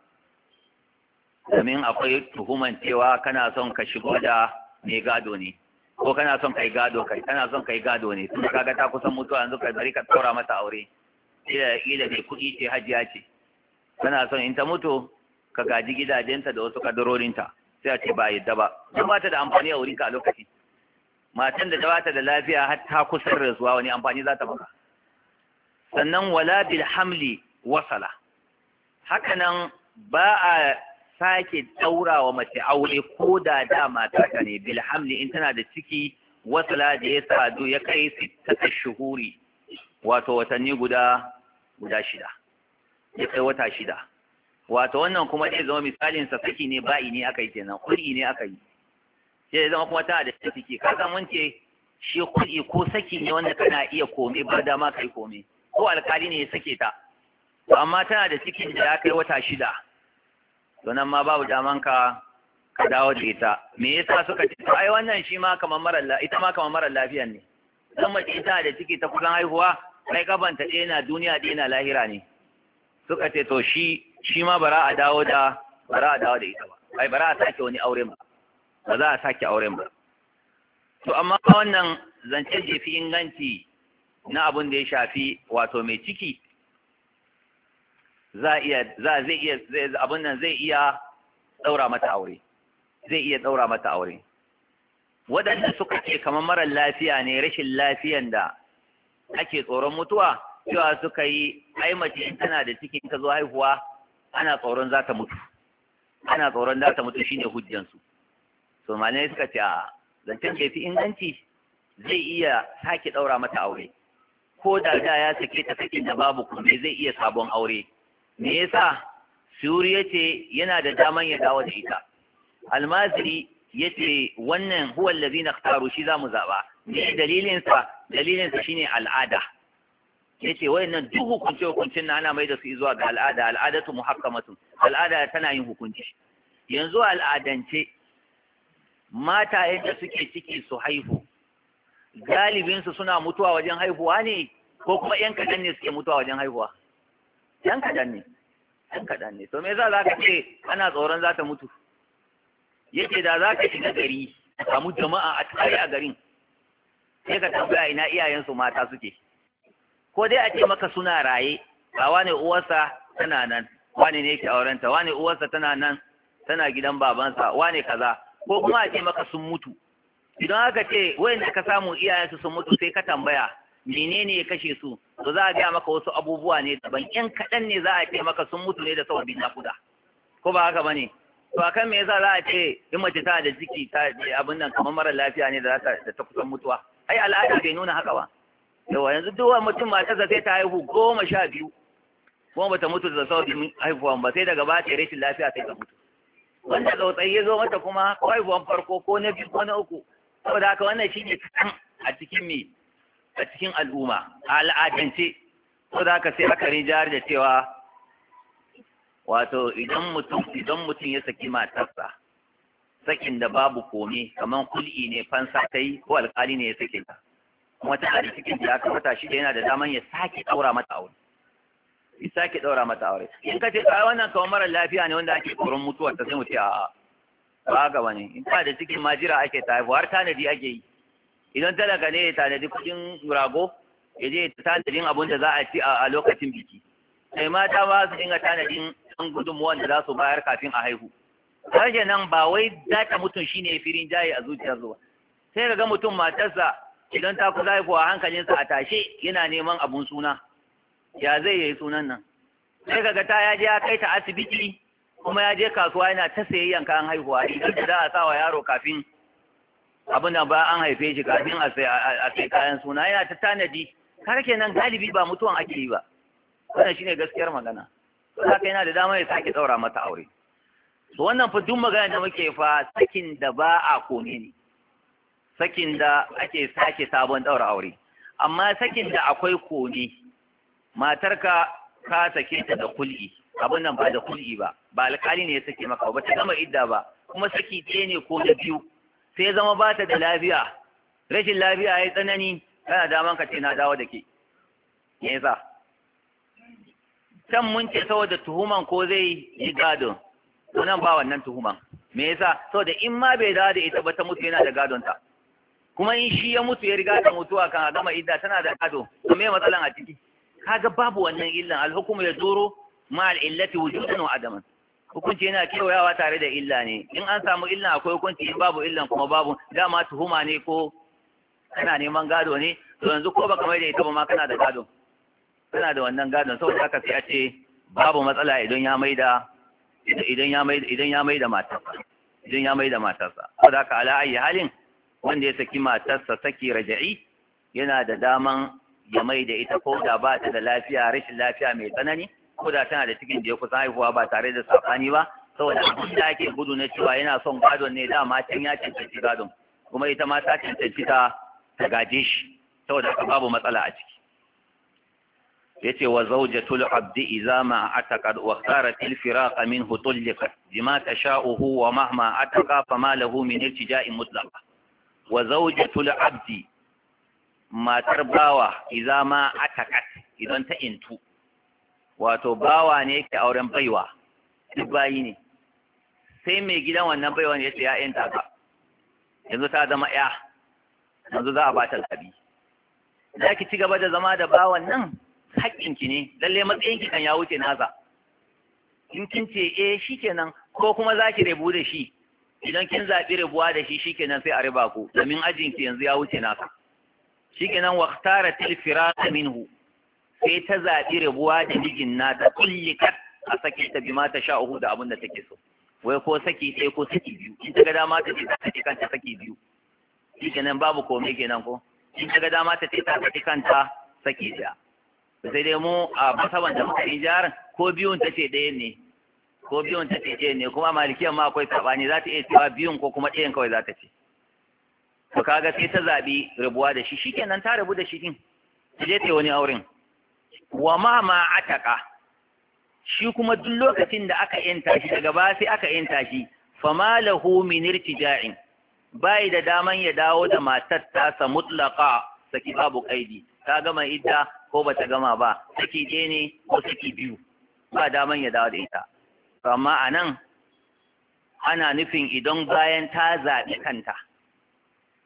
domin akwai tuhuman cewa kana son ka shigo da mai gado ne ko kana son kai gado kai kana son kai gado ne tun kaga ta kusan mutuwa yanzu kai bari ka ɗaura mata aure ila ila mai kuɗi ce hajiya ce kana son in ta mutu ka gaji gidajenta da wasu kadarorinta sai a ce ba a yadda ba don ba ta da amfani a wurinka a lokaci matan da ba ta da lafiya har ta kusan rasuwa wani amfani za ta maka sannan wala bil hamli wasala nan ba a sake ɗaura wa mace aure ko da da ta ta ne bil hamli in tana da ciki wasala da ya sadu ya kai sittata shuhuri wato watanni guda guda shida ya kai wata shida wato wannan kuma zai zama misalin sa saki ne ba'i ne aka yi kenan kul'i ne aka yi sai zama kuma tana da ciki ka san mun ce shi kul'i ko saki ne wanda kana iya kome ba dama kai kome ko alkali ne ya sake ta to amma tana da cikin da ya kai wata shida to nan ma babu daman ka ka dawo da ita me yasa suka ce to ai wannan shi ma kamar mara, la ita ma kamar mara lafiya ne dan mace ita da ciki ta kusan haihuwa kai kabanta ɗaya na duniya ɗaya na lahira ne suka ce to shi shi ma bara a dawo da bara a dawo da ita ba ai bara a sake wani auren ba ba za a sake auren ba to amma wannan zance jefi inganci na abin da ya shafi wato mai ciki za iya za zai iya abin nan zai iya daura mata aure zai iya daura mata aure waɗanda suka ce kamar marar lafiya ne rashin lafiyan da ake tsoron mutuwa cewa suka yi ai mace tana da cikin ta zo haihuwa ana tsoron za ta mutu ana tsoron za ta mutu shine hujjansu to malai suka ce a zancen da fi inganci zai iya sake ɗaura mata aure ko da da ya sake ta sakin da babu kuma zai iya sabon aure me yasa suri yace yana da daman ya dawo da ita almaziri yace wannan huwa allazina ikhtaru shi zamu zaba ne dalilin sa dalilin sa shine al'ada ya ce nan duk hukunce hukuncin na ana mai da su zuwa ga al'ada al'adatu muhakkamatun al'ada tana yin hukunci yanzu al'adance mata yadda suke ciki su haihu su suna mutuwa wajen haihuwa ne ko kuma yan kaɗan ne suke mutuwa wajen haihuwa yan kaɗan ne yan kaɗan ne to me yasa za ka ce ana tsoron za ta mutu yake da za ka shiga gari a samu jama'a a tare a garin sai ka tambaya ina iyayensu mata suke ko dai a ce maka suna raye ba wani uwarsa tana nan wani ne yake aurenta Wani uwarsa tana nan tana gidan babansa Wani kaza ko kuma a ce maka sun mutu idan aka ce wayanda ka samu su sun mutu sai ka tambaya menene ya kashe su to za a ga maka wasu abubuwa ne daban yan kaɗan ne za a ce maka sun mutu ne da sababin nakuda ko ba haka bane to akan me yasa za a ce in mace tana da ciki ta abin nan kamar mara lafiya ne da ta kusan mutuwa ai al'ada bai nuna haka ba yawa yanzu duk mutum matarsa sai ta haihu goma sha biyu kuma bata mutu da sauƙin haifuwan ba sai daga bata rashin lafiya sai ta mutu wanda tsautsayi ya zo mata kuma haihuwan farko ko na biyu ko na uku saboda haka wannan shine kaɗan a cikin me a cikin al'umma a al'adance ko da haka sai aka rijiyar da cewa wato idan mutum idan mutum ya saki matarsa sakin da babu kome kamar kul'i ne fansa ta yi ko alƙali ne ya sake ta kuma tana cikin da aka shi da yana da daman ya sake daura mata aure ya sake daura mata aure in ka ce ai wannan kawai mara lafiya ne wanda ake tsoron mutuwar ta sai mu ce a'a ba ga wani in ba da cikin majira ake ta haifu har tanadi ake yi idan talaka ne ya tanadi kuɗin rago ya je tanadin abin da za a ci a lokacin biki sai mata ba su dinga tanadin ɗan gudunmuwan da za su bayar kafin a haihu harshe nan ba wai dace mutum shine firin jaye a zuciyar zuwa sai ka ga mutum matarsa idan ta kusa kuwa hankalinsa a tashe yana neman abun suna ya zai yi sunan nan sai kaga ta ya je ya kai ta asibiti kuma ya je kasuwa yana ta sayayyan kayan haihuwa idan da za a sa wa yaro kafin abin da ba an haife shi kafin a sai kayan suna yana ta tanadi kar kenan galibi ba mutuwan ake yi ba wannan shine gaskiyar magana to yana da dama ya sake daura mata aure to wannan fa duk magana da muke fa sakin da ba a kone ne sakin da ake sake sabon ɗaura aure amma sakin da akwai kone matarka ka sake ta da kul'i abin nan ba da kul'i ba ba alƙali ne ya sake maka ba ta gama idda ba kuma saki ɗaya ne ko na biyu sai ya zama ba ta da lafiya rashin lafiya ya tsanani kana daman ka ce na dawo da ke me yasa can mun ce saboda tuhuman ko zai yi gadon to nan ba wannan tuhuman me yasa saboda in ma bai dawo da ita ba ta mutu yana da gadon ta kuma in shi ya mutu ya riga da mutuwa kan gama idda tana da ado to me matsalan a ciki kaga babu wannan illan alhukum ya zoro ma al-illati wujudan wa adaman hukunci yana kewayawa tare da illa ne in an samu illan akwai hukunci in babu illan kuma babu dama tuhuma ne ko kana neman gado ne to yanzu ko baka mai da ita ba ma kana da gado kana da wannan gado? saboda haka sai a ce babu matsala idan ya mai da idan ya mai idan ya mai da matarsa idan ya mai da matarsa saboda haka ala ayi halin wanda ya saki matarsa saki raja'i yana da daman ya mai da ita ko da ba ta da lafiya rashin lafiya mai tsanani ko da tana da cikin da ya kusa haihuwa ba tare da safani ba saboda abin da ake gudu na cewa yana son gadon ne dama can ya cancanci gadon kuma ita ma ta cancanci ta ta gaje shi saboda ka babu matsala a ciki Ya ce wa zaujatul abdi iza ma ataqad wa kharat al firaq minhu tulliqat bima tasha'uhu wa mahma ataqa fama lahu min iltija'in mutlaqa wa zawjatul abdi matar bawa idza ma atakat idan ta intu wato bawa ne yake auren baiwa duk bayi ne sai mai gidan wannan baiwa ne yace ya inta ka yanzu ta zama ya yanzu za a ba ta labi za ki ci gaba da zama da bawan nan ki ne lalle ki kan ya wuce nasa in kin ce eh shikenan ko kuma zaki rebu da shi idan kin zaɓi rabuwa da shi shikenan sai a riba ku domin ajin ki yanzu ya wuce naka shikenan wa tara til firaq minhu sai ta zaɓi rabuwa da mijin nata kullikat a sake ta bi mata ta sha uku da abin da take so wai ko saki ɗaya ko saki biyu in ta ga dama ta ce ta saki kanta saki biyu shikenan babu komai kenan ko in ta ga dama ta ce ta saki kanta saki ɗaya sai dai mu a masaban da muka yi jarin ko biyun ta ce ɗaya ne ko biyun ta ce ne kuma malikiyar ma akwai ne. za ta iya cewa biyun ko kuma ɗayan kawai za ta ce to kaga sai ta zaɓi rabuwa da shi shikenan ta rabu da shi din ta je ta wani auren wa ma ma ataka shi kuma duk lokacin da aka yanta shi daga ba sai aka yanta shi fama lahu min irtija'in bai da daman ya dawo da matar tasa mutlaqa saki babu kaidi ta gama idda ko bata gama ba saki ɗaya ne ko saki biyu ba daman ya dawo da ita amma a nan ana nufin idan bayan ta zaɓi kanta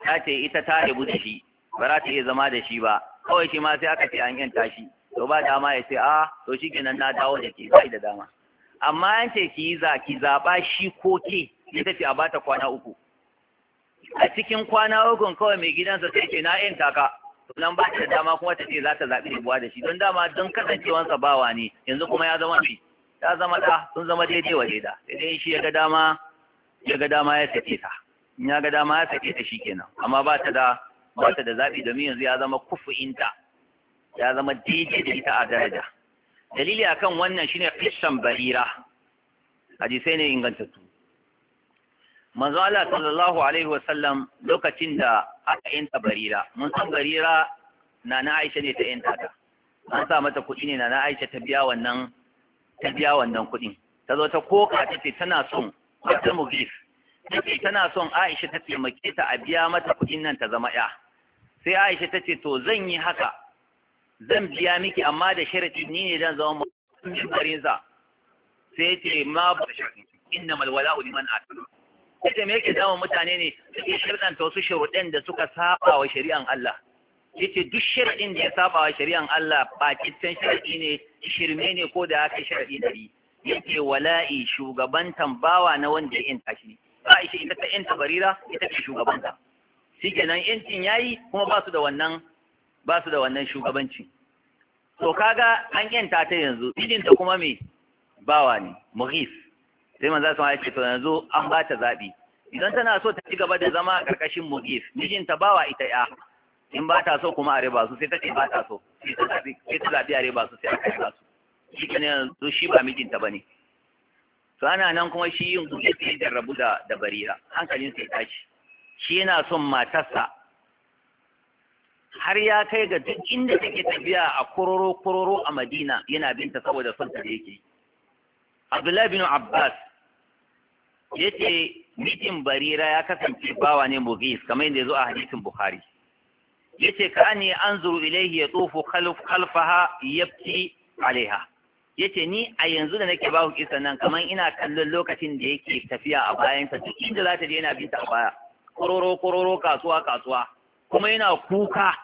ta ce ita ta rabu da shi ba za ta iya zama da shi ba kawai shi ma sai aka ce an yanta shi to ba dama ya ce a to shi kenan na dawo da ke bai da dama amma an ce ki yi za ki zaɓa shi ko ke ya ce a bata kwana uku a cikin kwana uku kawai mai gidansa sai ce na yanta ka nan ba ta dama kuma ta ce za ta zaɓi buwa da shi don dama don kasancewansa bawa ne yanzu kuma ya zama shi ta zama da sun zama daidai wa daida idan shi ya ga dama ya ga dama ya sake ta in ya ga dama ya sake ta shikenan amma ba ta da ba ta da zabi domin yanzu ya zama kufu'inta ya zama daidai da ita a daraja dalili akan wannan shine qissan barira hadisai ne ingantattu manzo Allah sallallahu alaihi wa sallam lokacin da aka yanta barira mun san barira na na Aisha ne ta yanta ta an sa mata kuɗi ne na na Aisha ta biya wannan ta biya wannan kuɗin ta zo ta koka ta ce tana son wata mugis ta ce tana son aisha ta taimake ta a biya mata kuɗin nan ta zama ya sai aisha ta ce to zan yi haka zan biya miki amma da sharadi ni ne zan zama mutum sa sai ce ma ba shi inna malwala liman atana ita me yake damun mutane ne suke shirɗanta wasu sharuɗan da suka saba wa shari'an Allah yace duk sharadin da ya saba wa shari'an Allah ba kitan sharadi ne shirme ne ko da haka sharadi dari yace wala'i shugaban tambawa na wanda ya inta shi shi ita ta inta barira ita ce shugabanta shikenan yancin yayi kuma ba su da wannan ba su da wannan shugabanci to kaga an yanta ta yanzu ta kuma me bawa ne mughis sai manzo sun ce to yanzu an ba ta zabi idan tana so ta ci gaba da zama a ƙarƙashin mughis mijinta bawa ita ya in ba ta so kuma a riba su sai ta ce ba ta so sai ta zaɓi a riba su sai aka riba su shi yanzu shi ba mijinta ba ne to ana nan kuma shi yin gudu sai da rabu da da barira hankalin sai tashi shi yana son matarsa har ya kai ga duk inda take tafiya a kororo kororo a madina yana binta saboda son ta da yake abdullahi bin abbas yace mijin barira ya kasance bawa ne mugis kamar yadda ya zo a hadisin bukhari yace ka ani anzuru ilayhi yatufu khalf khalfaha Yabti alaiha yace ni a yanzu da nake baku kisan nan kamar ina kallon lokacin da yake tafiya a bayan ta duk inda za ta je yana binta a baya kororo kororo kasuwa kasuwa kuma yana kuka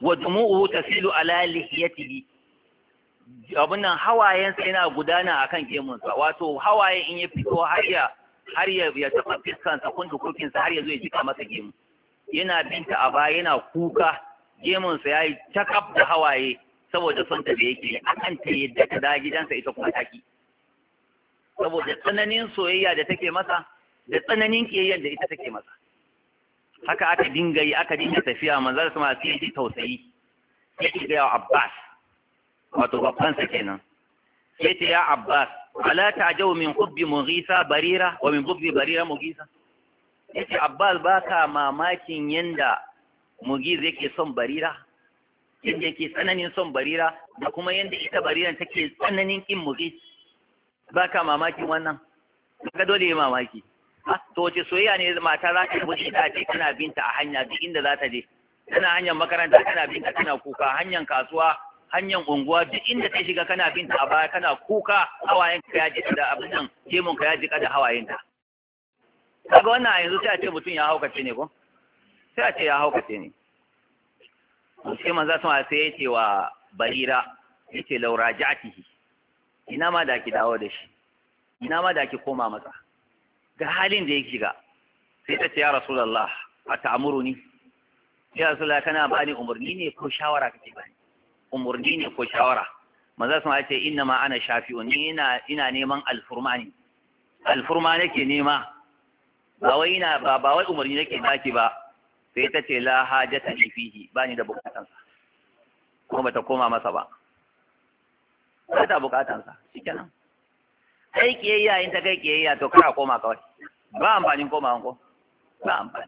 wa dumu'u tasilu ala lihiyatihi abun nan hawayensa yana gudana akan gemunsa wato hawaye in ya fito har ya har ya ya taɓa fiskansa kun sa har ya zo ya jika masa gemu yana binta a baya yana kuka gemunsa ya yi takab da hawaye saboda son ta da yake akan ta yadda ta da gidansa ita kuma taki saboda tsananin soyayya da take masa da tsananin kiyayyar da ita take masa haka aka dinga yi aka dinga tafiya manzar su sai yi tausayi yake ga Abbas wato babban sa kenan sai ta ya Abbas ala ta'jabu min hubbi mughisa barira wa min hubbi barira mughisa yace Abbas ba ka mamakin yanda mugiz yake son barira yadda yake tsananin son barira da kuma yadda ita bariran take tsananin kin mugiz ba ka mamakin wannan ka dole ya mamaki to wace soyayya ne mata za ta buɗe ta ce kana binta a hanya duk inda za ta je Kana hanyar makaranta kana binta kana kuka hanyar kasuwa hanyar unguwa duk inda ta shiga kana binta a baya kana kuka hawayen ka yaji da abin nan jemun ka yaji jika da hawayen ta kaga wannan a yanzu sai a ce mutum ya haukace ne ko sai a ce ya hau kace ne sai manzo sama sai ya ce wa barira ya ce laura ja'atihi ina ma da ki dawo da shi ina ma da ki koma masa ga halin da ya shiga sai ta ce ya rasulullah a Sai ya rasulullah kana bani umarni ne ko shawara kake bani umarni ne ko shawara manzo sun ce inna ma ana shafi'un ni ina ina neman alfurma ne alfurma nake nema ba wai ina ba ba wai nake baki ba sai ta ce la hajata ni fihi ba ni da bukatansa kuma bata koma masa ba ba ta bukatansa shikenan kai kiyayya in ta kai kiyayya to kar a koma kawai ba amfanin koma ko ba amfani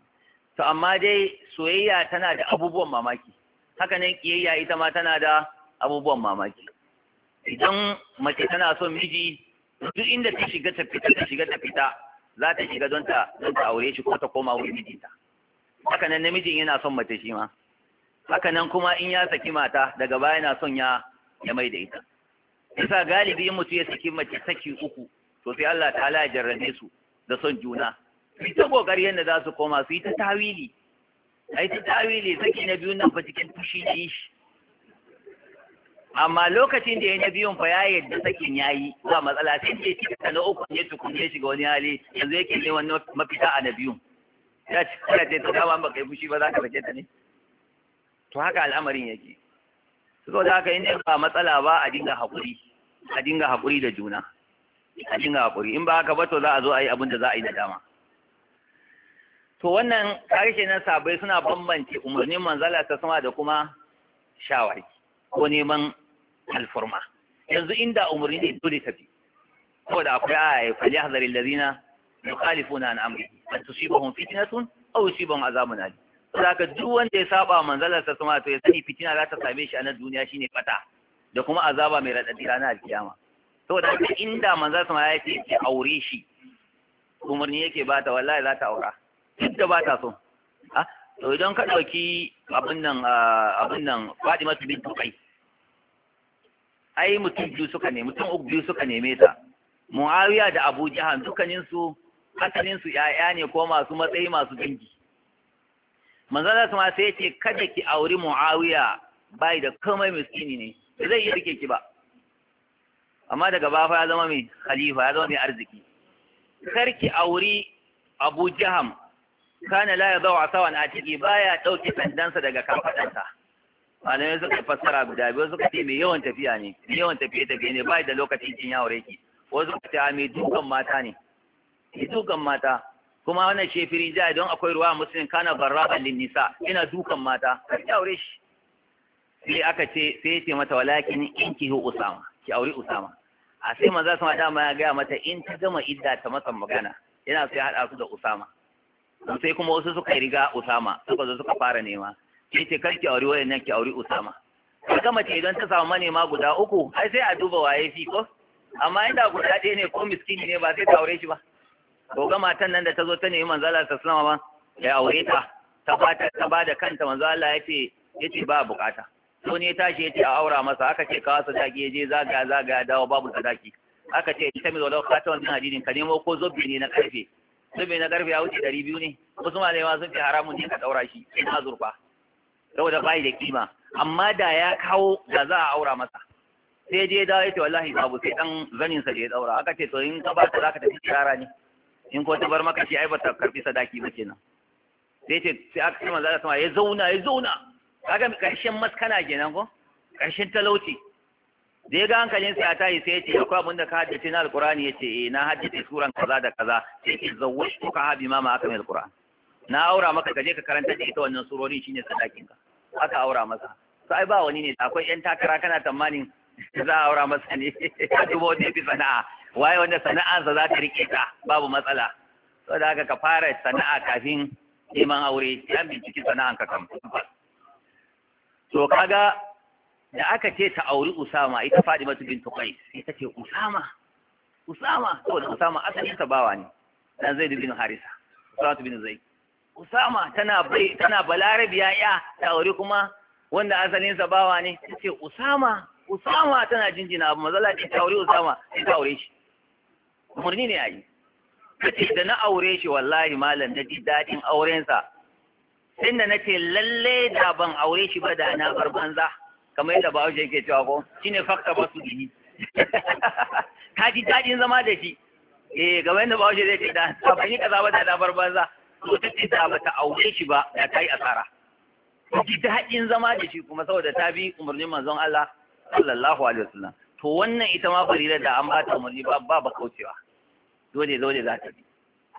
to amma dai soyayya tana da abubuwan mamaki haka nan kiyayya ita ma tana da abubuwan mamaki idan mace tana son miji duk inda ta shiga ta fita ta shiga ta fita za ta shiga don ta don ta aure shi ko ta koma wurin mijinta haka nan namijin yana son mace shi ma haka nan kuma in ya saki mata daga baya yana son ya ya mai da ita yasa galibi in mutu ya saki mace saki uku to sai Allah ta ala jarrabe su da son juna su ta kokari yadda za su koma su yi ta tawili ai ta tawili saki na biyu nan fa cikin fushi ne shi amma lokacin da ya na biyun fa ya yadda sakin ya yi ba matsala sai ce ta na uku ne tukun shi shiga wani hali yanzu yake ne wani mafita a na biyun ya ci kana ce ta dama baka yi fushi ba za ka sake ta ne to haka al'amarin yake so da haka in ba matsala ba a dinga haƙuri a dinga haƙuri da juna a dinga haƙuri in ba haka ba to za a zo a yi abin da za a yi da dama to wannan karshe na sabai suna bambance umarnin manzala ta sama da kuma shawari ko neman alfurma yanzu inda umarni ne dole tafi da akwai a fali hazari lazina mukhalifuna an amri an tusibahum fitnatun aw yusibahum azabun alim saka duk wanda ya saba manzalar sa kuma to ya sani fitina za ta same shi a nan duniya shine fata da kuma azaba mai radadi ranar alkiyama saboda haka inda manzar sama ya ce ki aure shi umarni yake bata wallahi za ta aura duk da bata so ah to idan ka dauki abin nan ah, abin nan Fatima bint Qais ai mutum biyu suka ne mutum uku biyu suka neme ta Muawiya da Abu Jahan dukkanin su asalin su yaya ne ko masu matsayi masu dangi manzo Allah kuma sai ce kada ki auri Muawiya bai da komai miskini ne ba zai iya rike ki ba amma daga bafa ya zama mai khalifa ya zama mai arziki Kar ki auri Abu Jaham kana la yadau asawan a ciki baya dauke sandansa daga kafadansa malamai suka fassara guda biyu suka ce mai yawan tafiya ne yawan tafiye tafiye ne bai da lokaci cin yawo reki wasu suka ce mai dukan mata ne ya dukan mata kuma wannan shefiri ja don akwai ruwa musulun kana barra lin nisa ina dukan mata ya aure shi sai aka ce sai ce mata walakin in ki usama ki aure usama a sai maza su dama ya gaya mata in ta gama idda ta masa magana yana sai hada su da usama sai kuma wasu suka riga usama suka zo suka fara nema sai ce kar ki aure wayannan ki aure usama ka gama ce idan ta samu manema guda uku ai sai a duba waye fi ko amma inda guda ɗaya ne ko miskini ne ba sai ta aure shi ba ga matan nan da ta zo ta nemi manzo Allah sallallahu alaihi wasallam ya aure ta ta bata ta bada kanta manzo Allah yace yace ba bukata so ne tashi yace a aura masa aka ce wasa sadaki je zaga zaga dawo babu sadaki aka ce ita mai walau kata wannan hadinin ka nemo ko zobbi ne na karfe zobbi na karfe ya wuce ɗari biyu ne wasu malama sun ce haramun ne ka ɗaura shi in zurfa. saboda bai da kima amma da ya kawo da za a aura masa sai je dawo yace wallahi babu sai dan zanin sa je ya daura aka ce to in ka ba ta zaka tafi kirara ne in ko ta bar maka shi ai ba ta karbi sadaki ba kenan sai ce sai aka kuma manzo sama ya zauna ya zauna kaga karshen maskana kenan ko karshen talauci da ya ga hankalin sai a tayi sai ya ce akwai abin da ka haddace na alqur'ani ya ce eh na haddace suran kaza da kaza sai ce zawwashtu ka habi mama aka mai alqur'ani na aura maka gaje ka karanta da ita wannan surorin shine sadakin ka aka aura masa sai ba wani ne akwai yan takara kana tamanin za a aura masa ne ya dubo wata bi sana'a waye wanda sana'arsa za ta riƙe ta babu matsala da haka ka fara sana'a kafin neman aure ya binciki sana'an ka kan to kaga da aka ce ta auri Usama ita mata bin Qais ita ce Usama Usama to da Usama asalin ta bawa ne dan Zaid bin Harisa Usama bin Zaid Usama tana bai tana balarabiya ya ta auri kuma wanda asalin sa bawa ne ce Usama Usama tana jinjina abu mazala ta auri Usama ta aure shi umarni ne a yi kace da na aure shi wallahi malam na ji daɗin aurensa sai da ce lalle da ban aure shi ba da na bar banza kamar yadda ba yake cewa ko ne fakta ba su dini ka ji daɗin zama da shi eh ga wanda ba zai ce da ban yi kaza ba da na bar banza to ta ce da bata aure shi ba da ta yi asara ji daɗin zama da shi kuma saboda ta bi umarnin manzon Allah sallallahu alaihi wasallam to wannan ita ma farilar da an ba ta umarni ba ba ba kaucewa dole dole za ta bi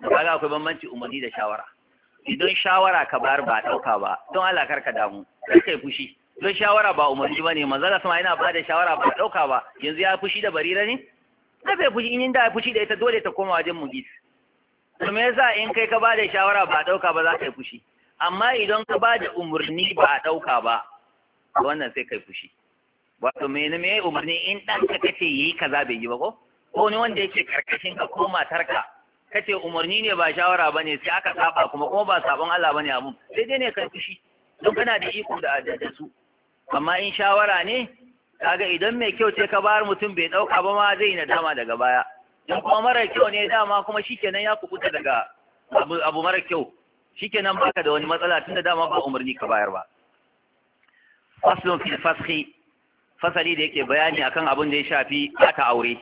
kaga akwai bambanci umarni da shawara idan shawara ka bar ba dauka ba don Allah karka damu kar kai fushi don shawara ba umarni bane manzo Allah sama yana bada shawara ba dauka ba yanzu ya fushi da barira ne kai bai fushi in da fushi da ita dole ta koma wajen mugis to me yasa in kai ka bada shawara ba dauka ba za ka yi fushi amma idan ka bada umarni ba dauka ba wannan sai kai fushi wato me me umarni in dan ka kace yi kaza bai yi ba ko ko ne wanda yake karkashin ka ko Ka kace umarni ne ba shawara bane sai aka saba kuma kuma ba sabon Allah bane abun sai dai ne ka fushi don kana da iko da da su amma in shawara ne kaga idan mai kyau ce ka bar mutum bai dauka ba ma zai nadama daga baya in kuma mara kyau ne dama kuma shikenan ya kubuta daga abu abu mara kyau shikenan baka da wani matsala tunda dama ba umarni ka bayar ba fasl fi fasxi fasali da yake bayani akan abin da ya shafi ɓata aure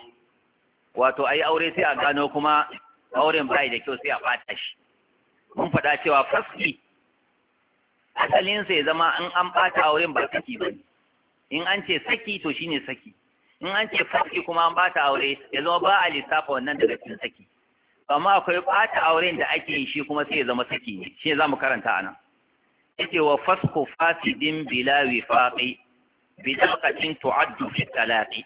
wato ayi aure sai a gano kuma auren bai da kyau sai a ɓata shi mun faɗa cewa faski? asalinsa ya zama in an ɓata auren ba saki ba in an ce saki to shine saki in an ce faski kuma an ɓata aure ya zama ba a lissafa wannan daga cikin saki amma akwai ɓata auren da ake yi shi kuma sai ya zama saki ne shi za mu karanta anan yake wa fasku fasidin bila wifaqi bidakatin tu'addu fi talaqi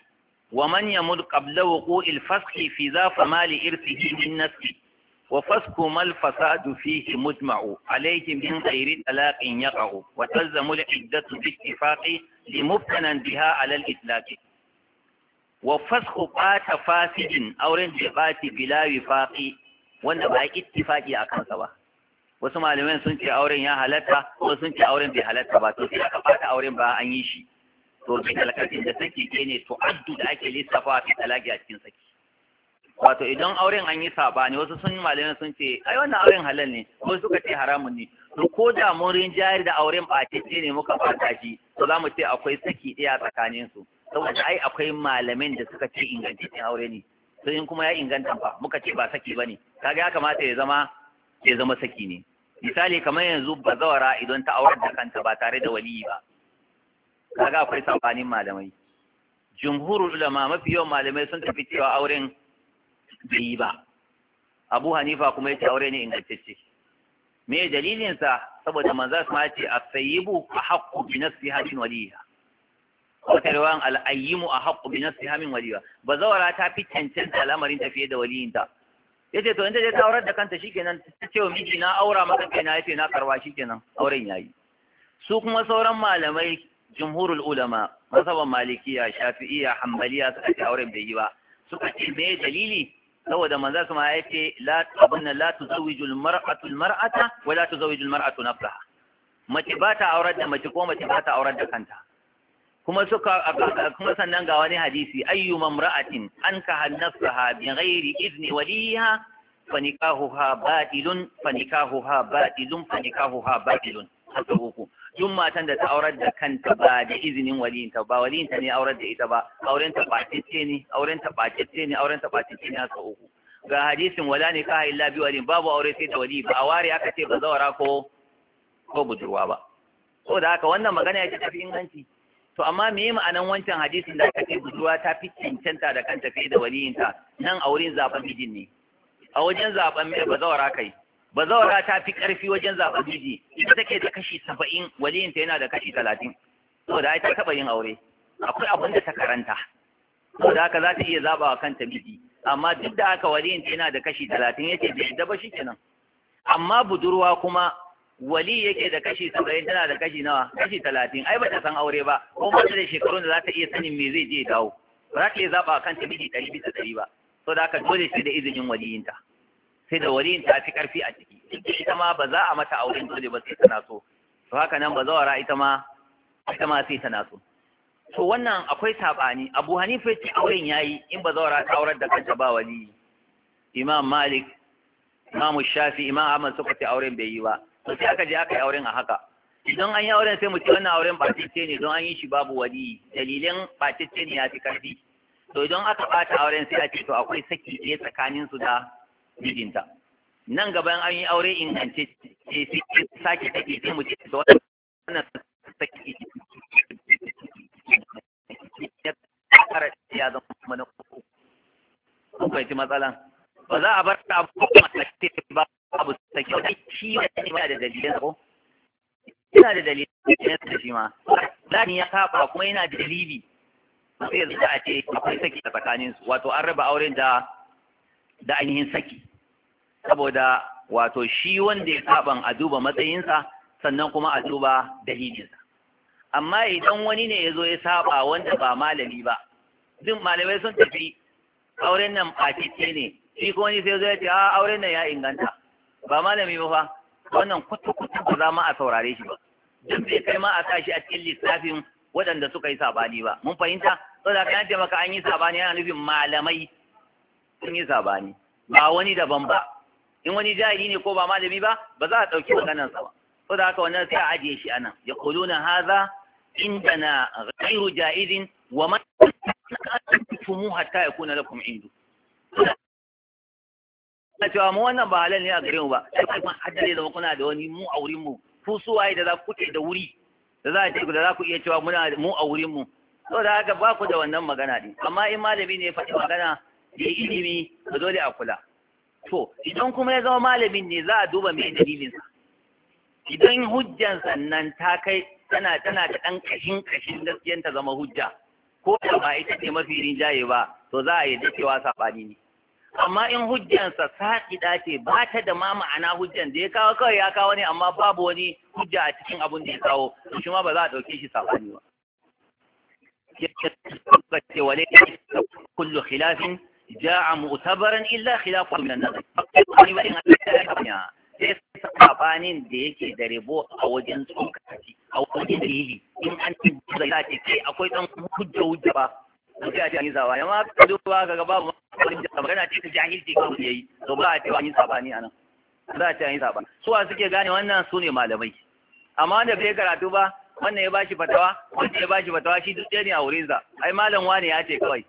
wa man yamut qabla wuqu'i al-fasl fi dhafa mali irthihi min nasbi wa fasku mal fasadu fihi mujma'u alayhi min ghayri talaqin yaqa'u wa talzamu al-iddatu bi ittifaqi li mubtanan biha ala al-itlaq wa fasku qata fasidin aw rin jibati bila wifaqi wanda ba ittifaqi akan sa ba wasu malamai sun ce auren ya halatta ko sun auren bai halarta ba to sai aka auren ba an yi shi to bi talakatin da saki ke ne to addu da ake lissafa fi talaki a cikin saki wato idan auren an yi sabani wasu sun malamai sun ce ai wannan auren halal ne wasu suka ce haramun ne to ko da murin jari da auren ce ne muka fata shi to za mu ce akwai saki daya tsakanin su saboda ai akwai malamin da suka ce ingantaccen aure ne to in kuma ya inganta ba muka ce ba saki bane kaga ya kamata ya zama ya zama saki ne misali kamar yanzu bazawara idan ta aure da kanta ba tare da waliyi ba kaga akwai sabanin malamai jumhurul ulama mafi yawan malamai sun tafi cewa auren bai yi ba abu hanifa kuma ya ce aure ne ingantacce me dalilinsa saboda manzo ma ya ce as-sayyibu ahaqqu bi nafsi hadin waliha wata riwayan al-ayyimu ahaqqu bi nafsi min waliha bazawara ta fi cancanta al'amarin ta fiye da waliyinta yace to inda dai ta aurar da kanta shikenan ta ce miji na aura maka kaina yace na karwa shikenan auren yayi su kuma sauran malamai jumhurul ulama mazhaban malikiya shafi'iya hanbaliya suka ce auren bai yi ba suka ce me dalili saboda manzo kuma ya ce la abunna la tuzawijul mar'atu mar'ata wa mace ba ta aurar da mace ko ba ta aurar da kanta kuma sannan ga wani hadisi ayyu mamra'atin ankaha nafsaha bi izni waliha fa nikahuha batilun duk matan da ta aurar da kanta ba da izinin waliyinta ba waliyinta ne aurar da ita ba auren ta bacicce ne auren ta bacicce ne auren ta bacicce ne aka uku ga hadisin wala ne ka illa bi wali babu aure sai da wali ba a ware aka ce ba zawara ko ko budurwa ba ko da haka wannan magana ya ce tafi inganci to amma me ma'anan wancan hadisin da aka ce budurwa ta fi cancanta da kanta fiye da waliyinta nan a wurin zaben mijin ne a wajen zaben mai ba zawara kai Ba bazawara ta fi ƙarfi wajen zaɓar miji ita take da kashi saba'in waliyinta yana da kashi talatin saboda ai ta taɓa yin aure akwai abin da ta karanta saboda haka za ta iya zaɓa wa kanta miji amma duk da haka waliyinta yana da kashi talatin yake bai da ba kenan amma budurwa kuma wali yake da kashi saba'in tana da kashi nawa kashi talatin ai ba ta san aure ba ko ba ta da shekarun da za ta iya sanin me zai je dawo ba za ta iya zaɓa wa kanta miji ɗari bisa ɗari ba saboda haka dole sai da izinin waliyinta. sai da waliyin ta fi karfi a ciki ita ma ba za a mata auren dole ba sai tana so to haka nan bazawara ita ma ita ma sai tana so to wannan akwai sabani Abu Hanifa ce auren yayi in ba za bazawara ta aurar da kanta ba wali Imam Malik Imam Shafi Imam Ahmad suka ce auren bai yi ba to sai aka je aka yi auren a haka idan an yi auren sai mu ce wannan auren batacce ne don an yi shi babu wali dalilin batacce ne ya fi karfi to idan aka bata auren sai a ce to akwai saki ne tsakanin su da mijinta nan gaba an yi aure ingance ce sai sake da ke mu ce da wannan sake ya zama mana uku kai ci matsala ba za a bar abubuwan sake ba abu sake wani shi ne yana da dalilin ko yana da dalilin da shi ma zani ya saba kuma yana da dalili sai zama a ce akwai sake a tsakaninsu wato an raba auren da da ainihin saki saboda wato shi wanda ya saban a duba matsayinsa sannan kuma a duba dalilinsa amma idan wani ne ya zo ya saba wanda ba malami ba duk malamai sun tafi auren nan ɓacicce ne shi kuma wani sai zo ya ce a auren nan ya inganta ba malami ba fa wannan kutu-kutu ba za ma a saurare shi ba duk bai kai ma a sa shi a cikin lissafin waɗanda suka yi sabani ba mun fahimta saboda kan ce maka an yi sabani yana nufin malamai kun yi sabani ba wani daban ba in wani jahili ne ko ba malami ba ba za a ɗauki maganar sa ba ko da haka wannan sai a ajiye shi anan ya na haza indana ghairu jaizin wa man tumu hatta yakuna lakum indu a cewa mu wannan ba halal ne a gare mu ba sai kuma haddare da kuna da wani mu a wurin mu ku waye da za ku ce da wuri da za ku da za ku iya cewa muna mu a wurin mu da haka ba ku da wannan magana din amma in malami ne ya faɗi magana da ilimi zo dole a kula to idan kuma ya zama malamin ne za a duba mai dalilinsa idan hujjan sannan ta kai tana tana da ɗan kashin kashin gaskiyan ta zama hujja ko da ba ita ce mafi rinjaye ba to za a yadda cewa saɓani ne amma in hujjansa saƙiɗa ce ba ta da ma ma'ana hujjan da ya kawo kawai ya kawo ne amma babu wani hujja a cikin abin da ya kawo to shi ma ba za a ɗauke shi saɓani ba. Kullu khilafin ja'a mu'tabaran illa khilafu min an-nazar wani wani ya sai sabanin da yake da rebo a wajen tsokaci a wajen dalili in an ci da za ce kai akwai ɗan hujja hujja ba ko ta ce an yi sabani amma ka duba ka ga babu wani da magana ce ta jahilci ko yayi to ba a ce an yi sabani anan za a ce an yi sabani su wa suke gane wannan su ne malamai amma wanda bai karatu ba wannan ya bashi fatawa wannan ya bashi fatawa shi duk ɗaya ne a wurin sa ai malam wane ya ce kawai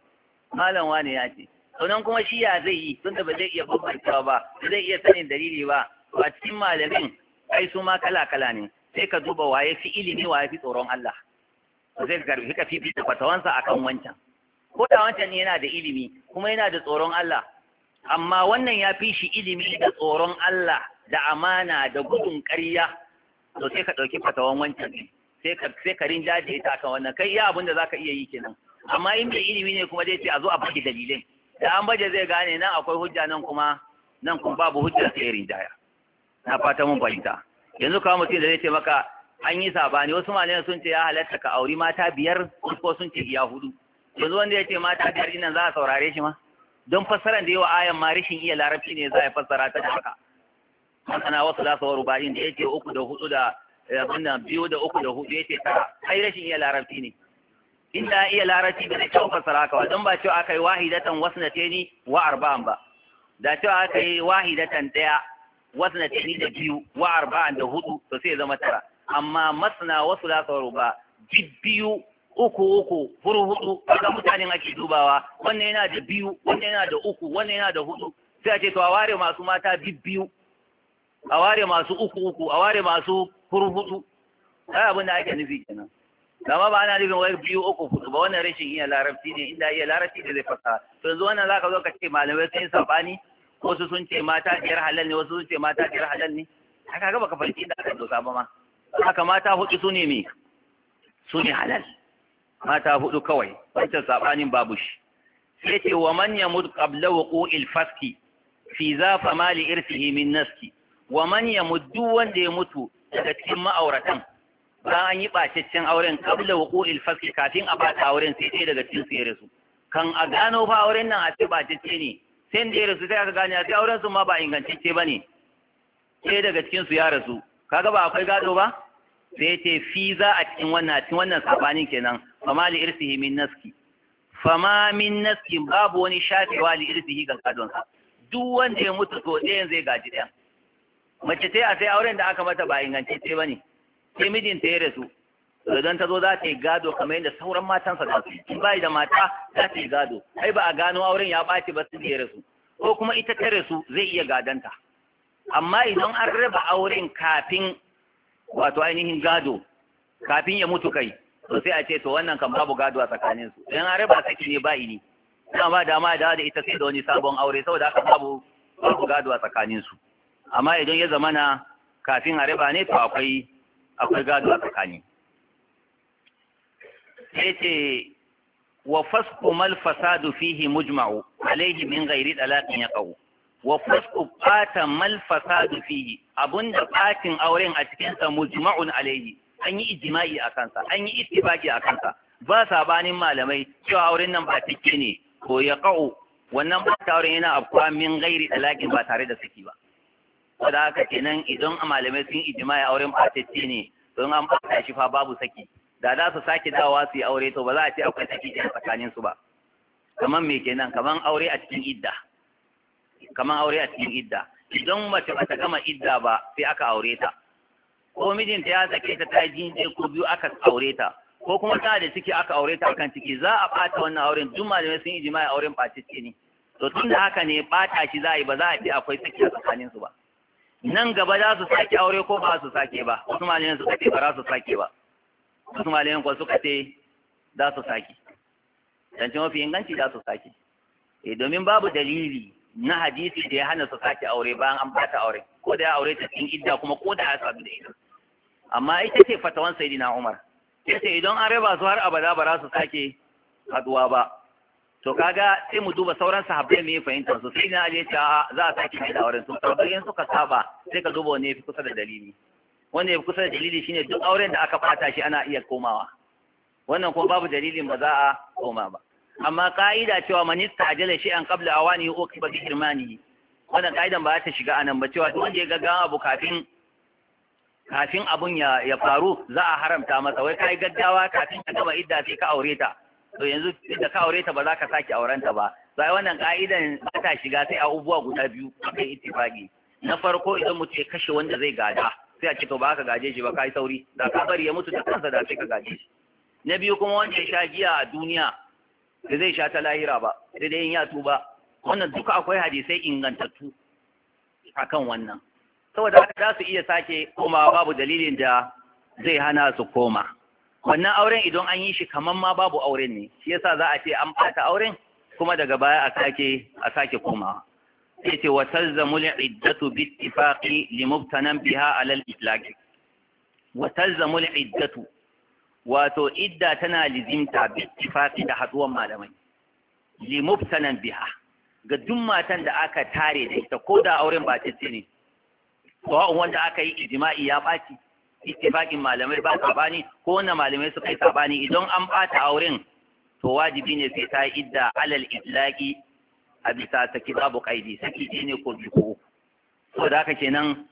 malam wane ya ce sauran kuma shi ya zai yi tunda ba zai iya bambantawa ba ba zai iya sanin dalili ba a cikin malamin ai su ma kala kala ne sai ka duba waye fi ilimi waye fi tsoron Allah sai ka karbi ka fi fatawansa akan wancan ko da wancan yana da ilimi kuma yana da tsoron Allah amma wannan ya fi shi ilimi da tsoron Allah da amana da gudun ƙarya to sai ka ɗauki fatawan wancan sai ka sai ka rinjaje ta akan wannan kai iya abin da zaka iya yi kenan amma in bai ilimi ne kuma zai ce a zo a baki dalilai da an baje zai gane nan akwai hujja nan kuma nan kuma babu hujja tsere rinjaya na fata mun fahimta yanzu kawai mutum da zai ce maka an yi sabani wasu malamai sun ce ya halatta ka auri mata biyar ko sun ce iya hudu yanzu wanda ya ce mata biyar dinnan za a saurare shi ma don fassara da yawa ayan ma rashin iya larabci ne za a fassara ta da haka masana wasu za su waru da ya ce uku da hudu da eh, abin biyu da uku da hudu ya ce tara ai rashin iya larabci ne inda iya larati da kyau fasara haka wajen ba cewa aka yi wahidatan teni wa arba'an ba da cewa aka yi wahidatan daya teni da biyu wa arba'an da hudu to sai zama tara amma masana wasu za sauru ba biyu uku uku huru hudu kaga mutanen ake dubawa wannan yana da biyu wannan yana da uku wannan yana da hudu sai a ce to a ware masu mata biyu a ware masu uku uku a ware masu huru hudu ai abin da ake nufi kenan amma ba ana nufin wayar biyu uku hudu ba wannan rashin iya larabci ne inda iya larabci da zai fasa to yanzu wannan zaka zo ka ce malamai sun yi sabani wasu sun ce mata biyar halal ne wasu sun ce mata biyar halal ne haka ga baka fahimci da aka dosa ba ma haka mata hudu su ne me su ne halal mata hudu kawai wancan sabanin babu shi sai ce wa man yamut qabla wuqu'il faski fi zafa mali irsihi min naski wa man yamut duk wanda ya mutu daga cikin ma'auratan bayan an yi ɓacaccen auren kabla wuqu'il fasli kafin a bata auren sai dai daga cikin ya rasu kan a gano fa auren nan a ce ɓacacce ne sai da ya rasu sai aka gane sai auren su ma ba ingantacce ba ne sai daga cikin su ya rasu kaga ba akwai gado ba sai ce fi za a cikin wannan cikin wannan sabanin kenan fama li irsihi min naski fama min naski babu wani shafewa li irsihi ga sa duk wanda ya mutu to ɗayan zai gaji ɗaya mace ta a sai auren da aka mata ba ingantacce ba ne sai mijinta ya rasu don ta zo za ta yi gado kamar yadda sauran matansa za su yi in bai da mata za ta yi gado ai ba a gano auren ya ɓaci ba su ya rasu ko kuma ita ta rasu zai iya gadanta amma idan an raba auren kafin wato ainihin gado kafin ya mutu kai to sai a ce to wannan kan babu gado a tsakanin su idan an raba saki ne ba ini ina ba dama da da ita sai da wani sabon aure saboda haka babu babu gado a tsakanin su amma idan ya zamana kafin a raba ne to akwai akwai gado a tsakani sai ce wa fasko mal fasadu fihi mujma'u alayhi min ɗalatin ya yaqau wa fasqu malfasa mal fasadu fihi da ɓatin auren a cikinsa mujma'u mujma'un alayhi an yi ijma'i a kansa an yi ittifaqi a kansa ba sabanin malamai cewa auren nan ba tike ne ko yaqau wannan ba auren yana afkuwa min gairi ɗalatin ba tare da saki ba wanda haka kenan idan malamai sun ijima ya auren ɓatacce ne don an ɓata shi fa babu saki da za su sake dawa su yi aure to ba za a ce akwai saki a tsakanin su ba kamar me kenan kamar aure a cikin idda kamar aure a cikin idda idan mace ba ta gama idda ba sai aka aure ta ko mijinta ya sake ta ta yi ɗaya ko biyu aka aure ta ko kuma ta da ciki aka aure ta akan ciki za a ɓata wannan auren duk malamai sun ijima ya auren fatacce ne to tun da haka ne bata shi za a yi ba za a ce akwai saki a tsakanin su ba nan gaba za su sake aure ko ba su sake ba wasu malayen suka ce ba za su sake ba wasu malayen kuwa suka ce za su sake zancen mafi inganci za su sake e domin babu dalili na hadisi da ya hana su sake aure bayan an bata aure ko da ya aure ta cikin idda kuma ko da ya sabu da ita amma ita ce fatawan sayyidina Umar ita idan an raba su har abada ba za su sake haduwa ba to kaga sai mu duba sauran sahabbai mu yi fahimtar su sai na aje ta za a sake mai da auren su sahabbai in suka saba sai ka duba wanne fi kusa da dalili wanda fi kusa da dalili shine duk auren da aka fata shi ana iya komawa wannan kuma babu dalilin ba za a koma ba amma ka'ida cewa man istajala a qabla awani uqiba bi irmanihi wannan ka'idan ba ta shiga anan ba cewa duk wanda ya gaggawa abu kafin kafin abun ya faru za a haramta masa wai kai gaggawa kafin ka gama idda sai ka aure ta to yanzu da ka aure ta ba za ka sake auren ta ba sai wannan ka'idan ta shiga sai abubuwa guda biyu akai ittifaqi na farko idan mutum ya kashe wanda zai gada sai a ce to ba ka gaje shi ba kai sauri da ka bari ya mutu da kansa da sai ka gaje shi na biyu kuma wanda ya sha giya a duniya da zai sha ta lahira ba sai dai in ya tuba wannan duka akwai hadisai ingantattu akan wannan saboda za su iya sake koma babu dalilin da zai hana su koma wannan auren idan an yi shi kaman ma babu auren ne shi yasa za a ce an bata auren kuma daga baya a sake a sake komawa sai ce wa talzamul iddatu bi ittifaqi li mubtanan biha ala al itlaq wa talzamul iddatu wato idda tana lizimta bi ittifaqi da haduwan malamai li mubtanan biha ga duk matan da aka tare da ita ko da auren ba ta ne sawa'un wanda aka yi ijima'i ya baci ittifaqin malamai ba sabani ko na malamai suka yi sabani idan an bata auren to wajibi ne sai ta idda alal itlaqi a bisa ta babu qaidi saki ne ko biko ko da haka kenan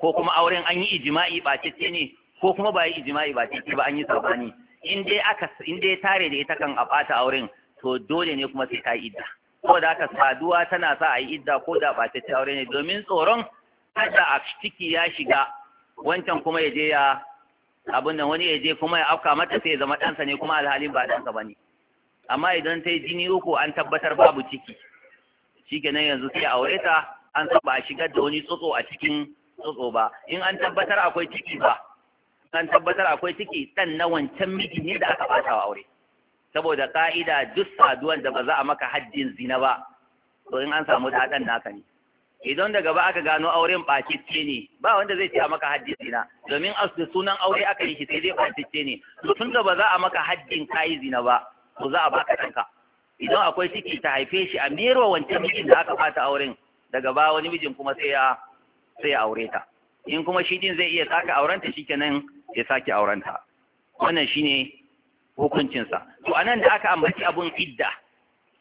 ko kuma auren an yi ijma'i ba cece ne ko kuma ba yi ijma'i ba cece ba an yi sabani in dai aka in dai tare da ita kan a bata auren to dole ne kuma sai ta yi idda ko da haka saduwa tana sa a yi idda ko da ba ta aure ne domin tsoron kada a ciki ya shiga wancan kuma ya je ya abin nan wani ya je kuma ya afka mata sai ya zama ɗansa ne kuma alhalin ba ɗansa ba ne amma idan ta yi jini uku an tabbatar babu ciki nan yanzu sai a aure ta an saba a shigar da wani tsotso a cikin tsotso ba in an tabbatar akwai ciki ba an tabbatar akwai ciki ɗan na wancan miji ne da aka ɓata wa aure saboda ka'ida duk saduwan da ba za a maka haddin zina ba to in an samu da ɗan naka ne idan daga ba aka gano auren ɓacicce ne ba wanda zai ce a maka haddi na domin asu sunan aure aka yi shi sai dai ɓacicce ne to tun da ba za a maka haddin kayi zina ba to za a baka ɗanka idan akwai ciki ta haife shi a mero wancan mijin da aka bata auren daga ba wani mijin kuma sai ya sai ya aure ta in kuma shi din zai iya saka aurenta shikenan ya sake aurenta wannan shine hukuncinsa to anan da aka ambaci abun idda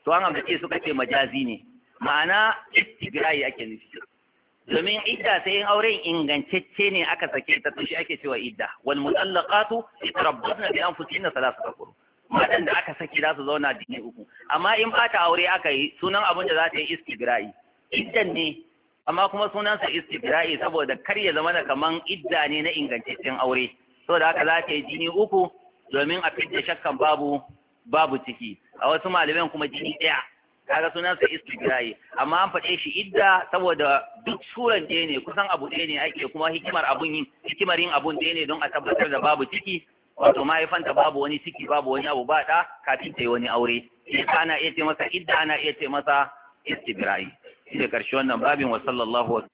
to an ambaci suka ce majazi ne ma'ana istigra'i ake nufi domin idda sai in auren ingantacce ne aka sake ta to shi ake cewa idda wal mutallaqatu yatarabbasna bi anfusihinna thalathata quru matan da aka sake za su zauna dini uku amma in bata aure aka yi sunan abin da za ta yi istibrai iddan ne amma kuma sunansa istibrai saboda kar ya zama da kaman idda ne na ingantaccen aure saboda aka za ta yi jini uku domin a fitta shakkan babu babu ciki a wasu malaman kuma jini daya kaga sunansa istigrayi amma an faɗe shi idda saboda duk suran ɗaya ne kusan abu ɗaya ne ake kuma hikimar abun yin hikimar yin abun ɗaya ne don a tabbatar da babu ciki wato mahaifanta babu wani ciki babu wani abu ba ɗa kafin ta yi wani aure ana iya ce masa idda ana iya ce masa istigrayi shi ne ƙarshe wannan babin wa sallallahu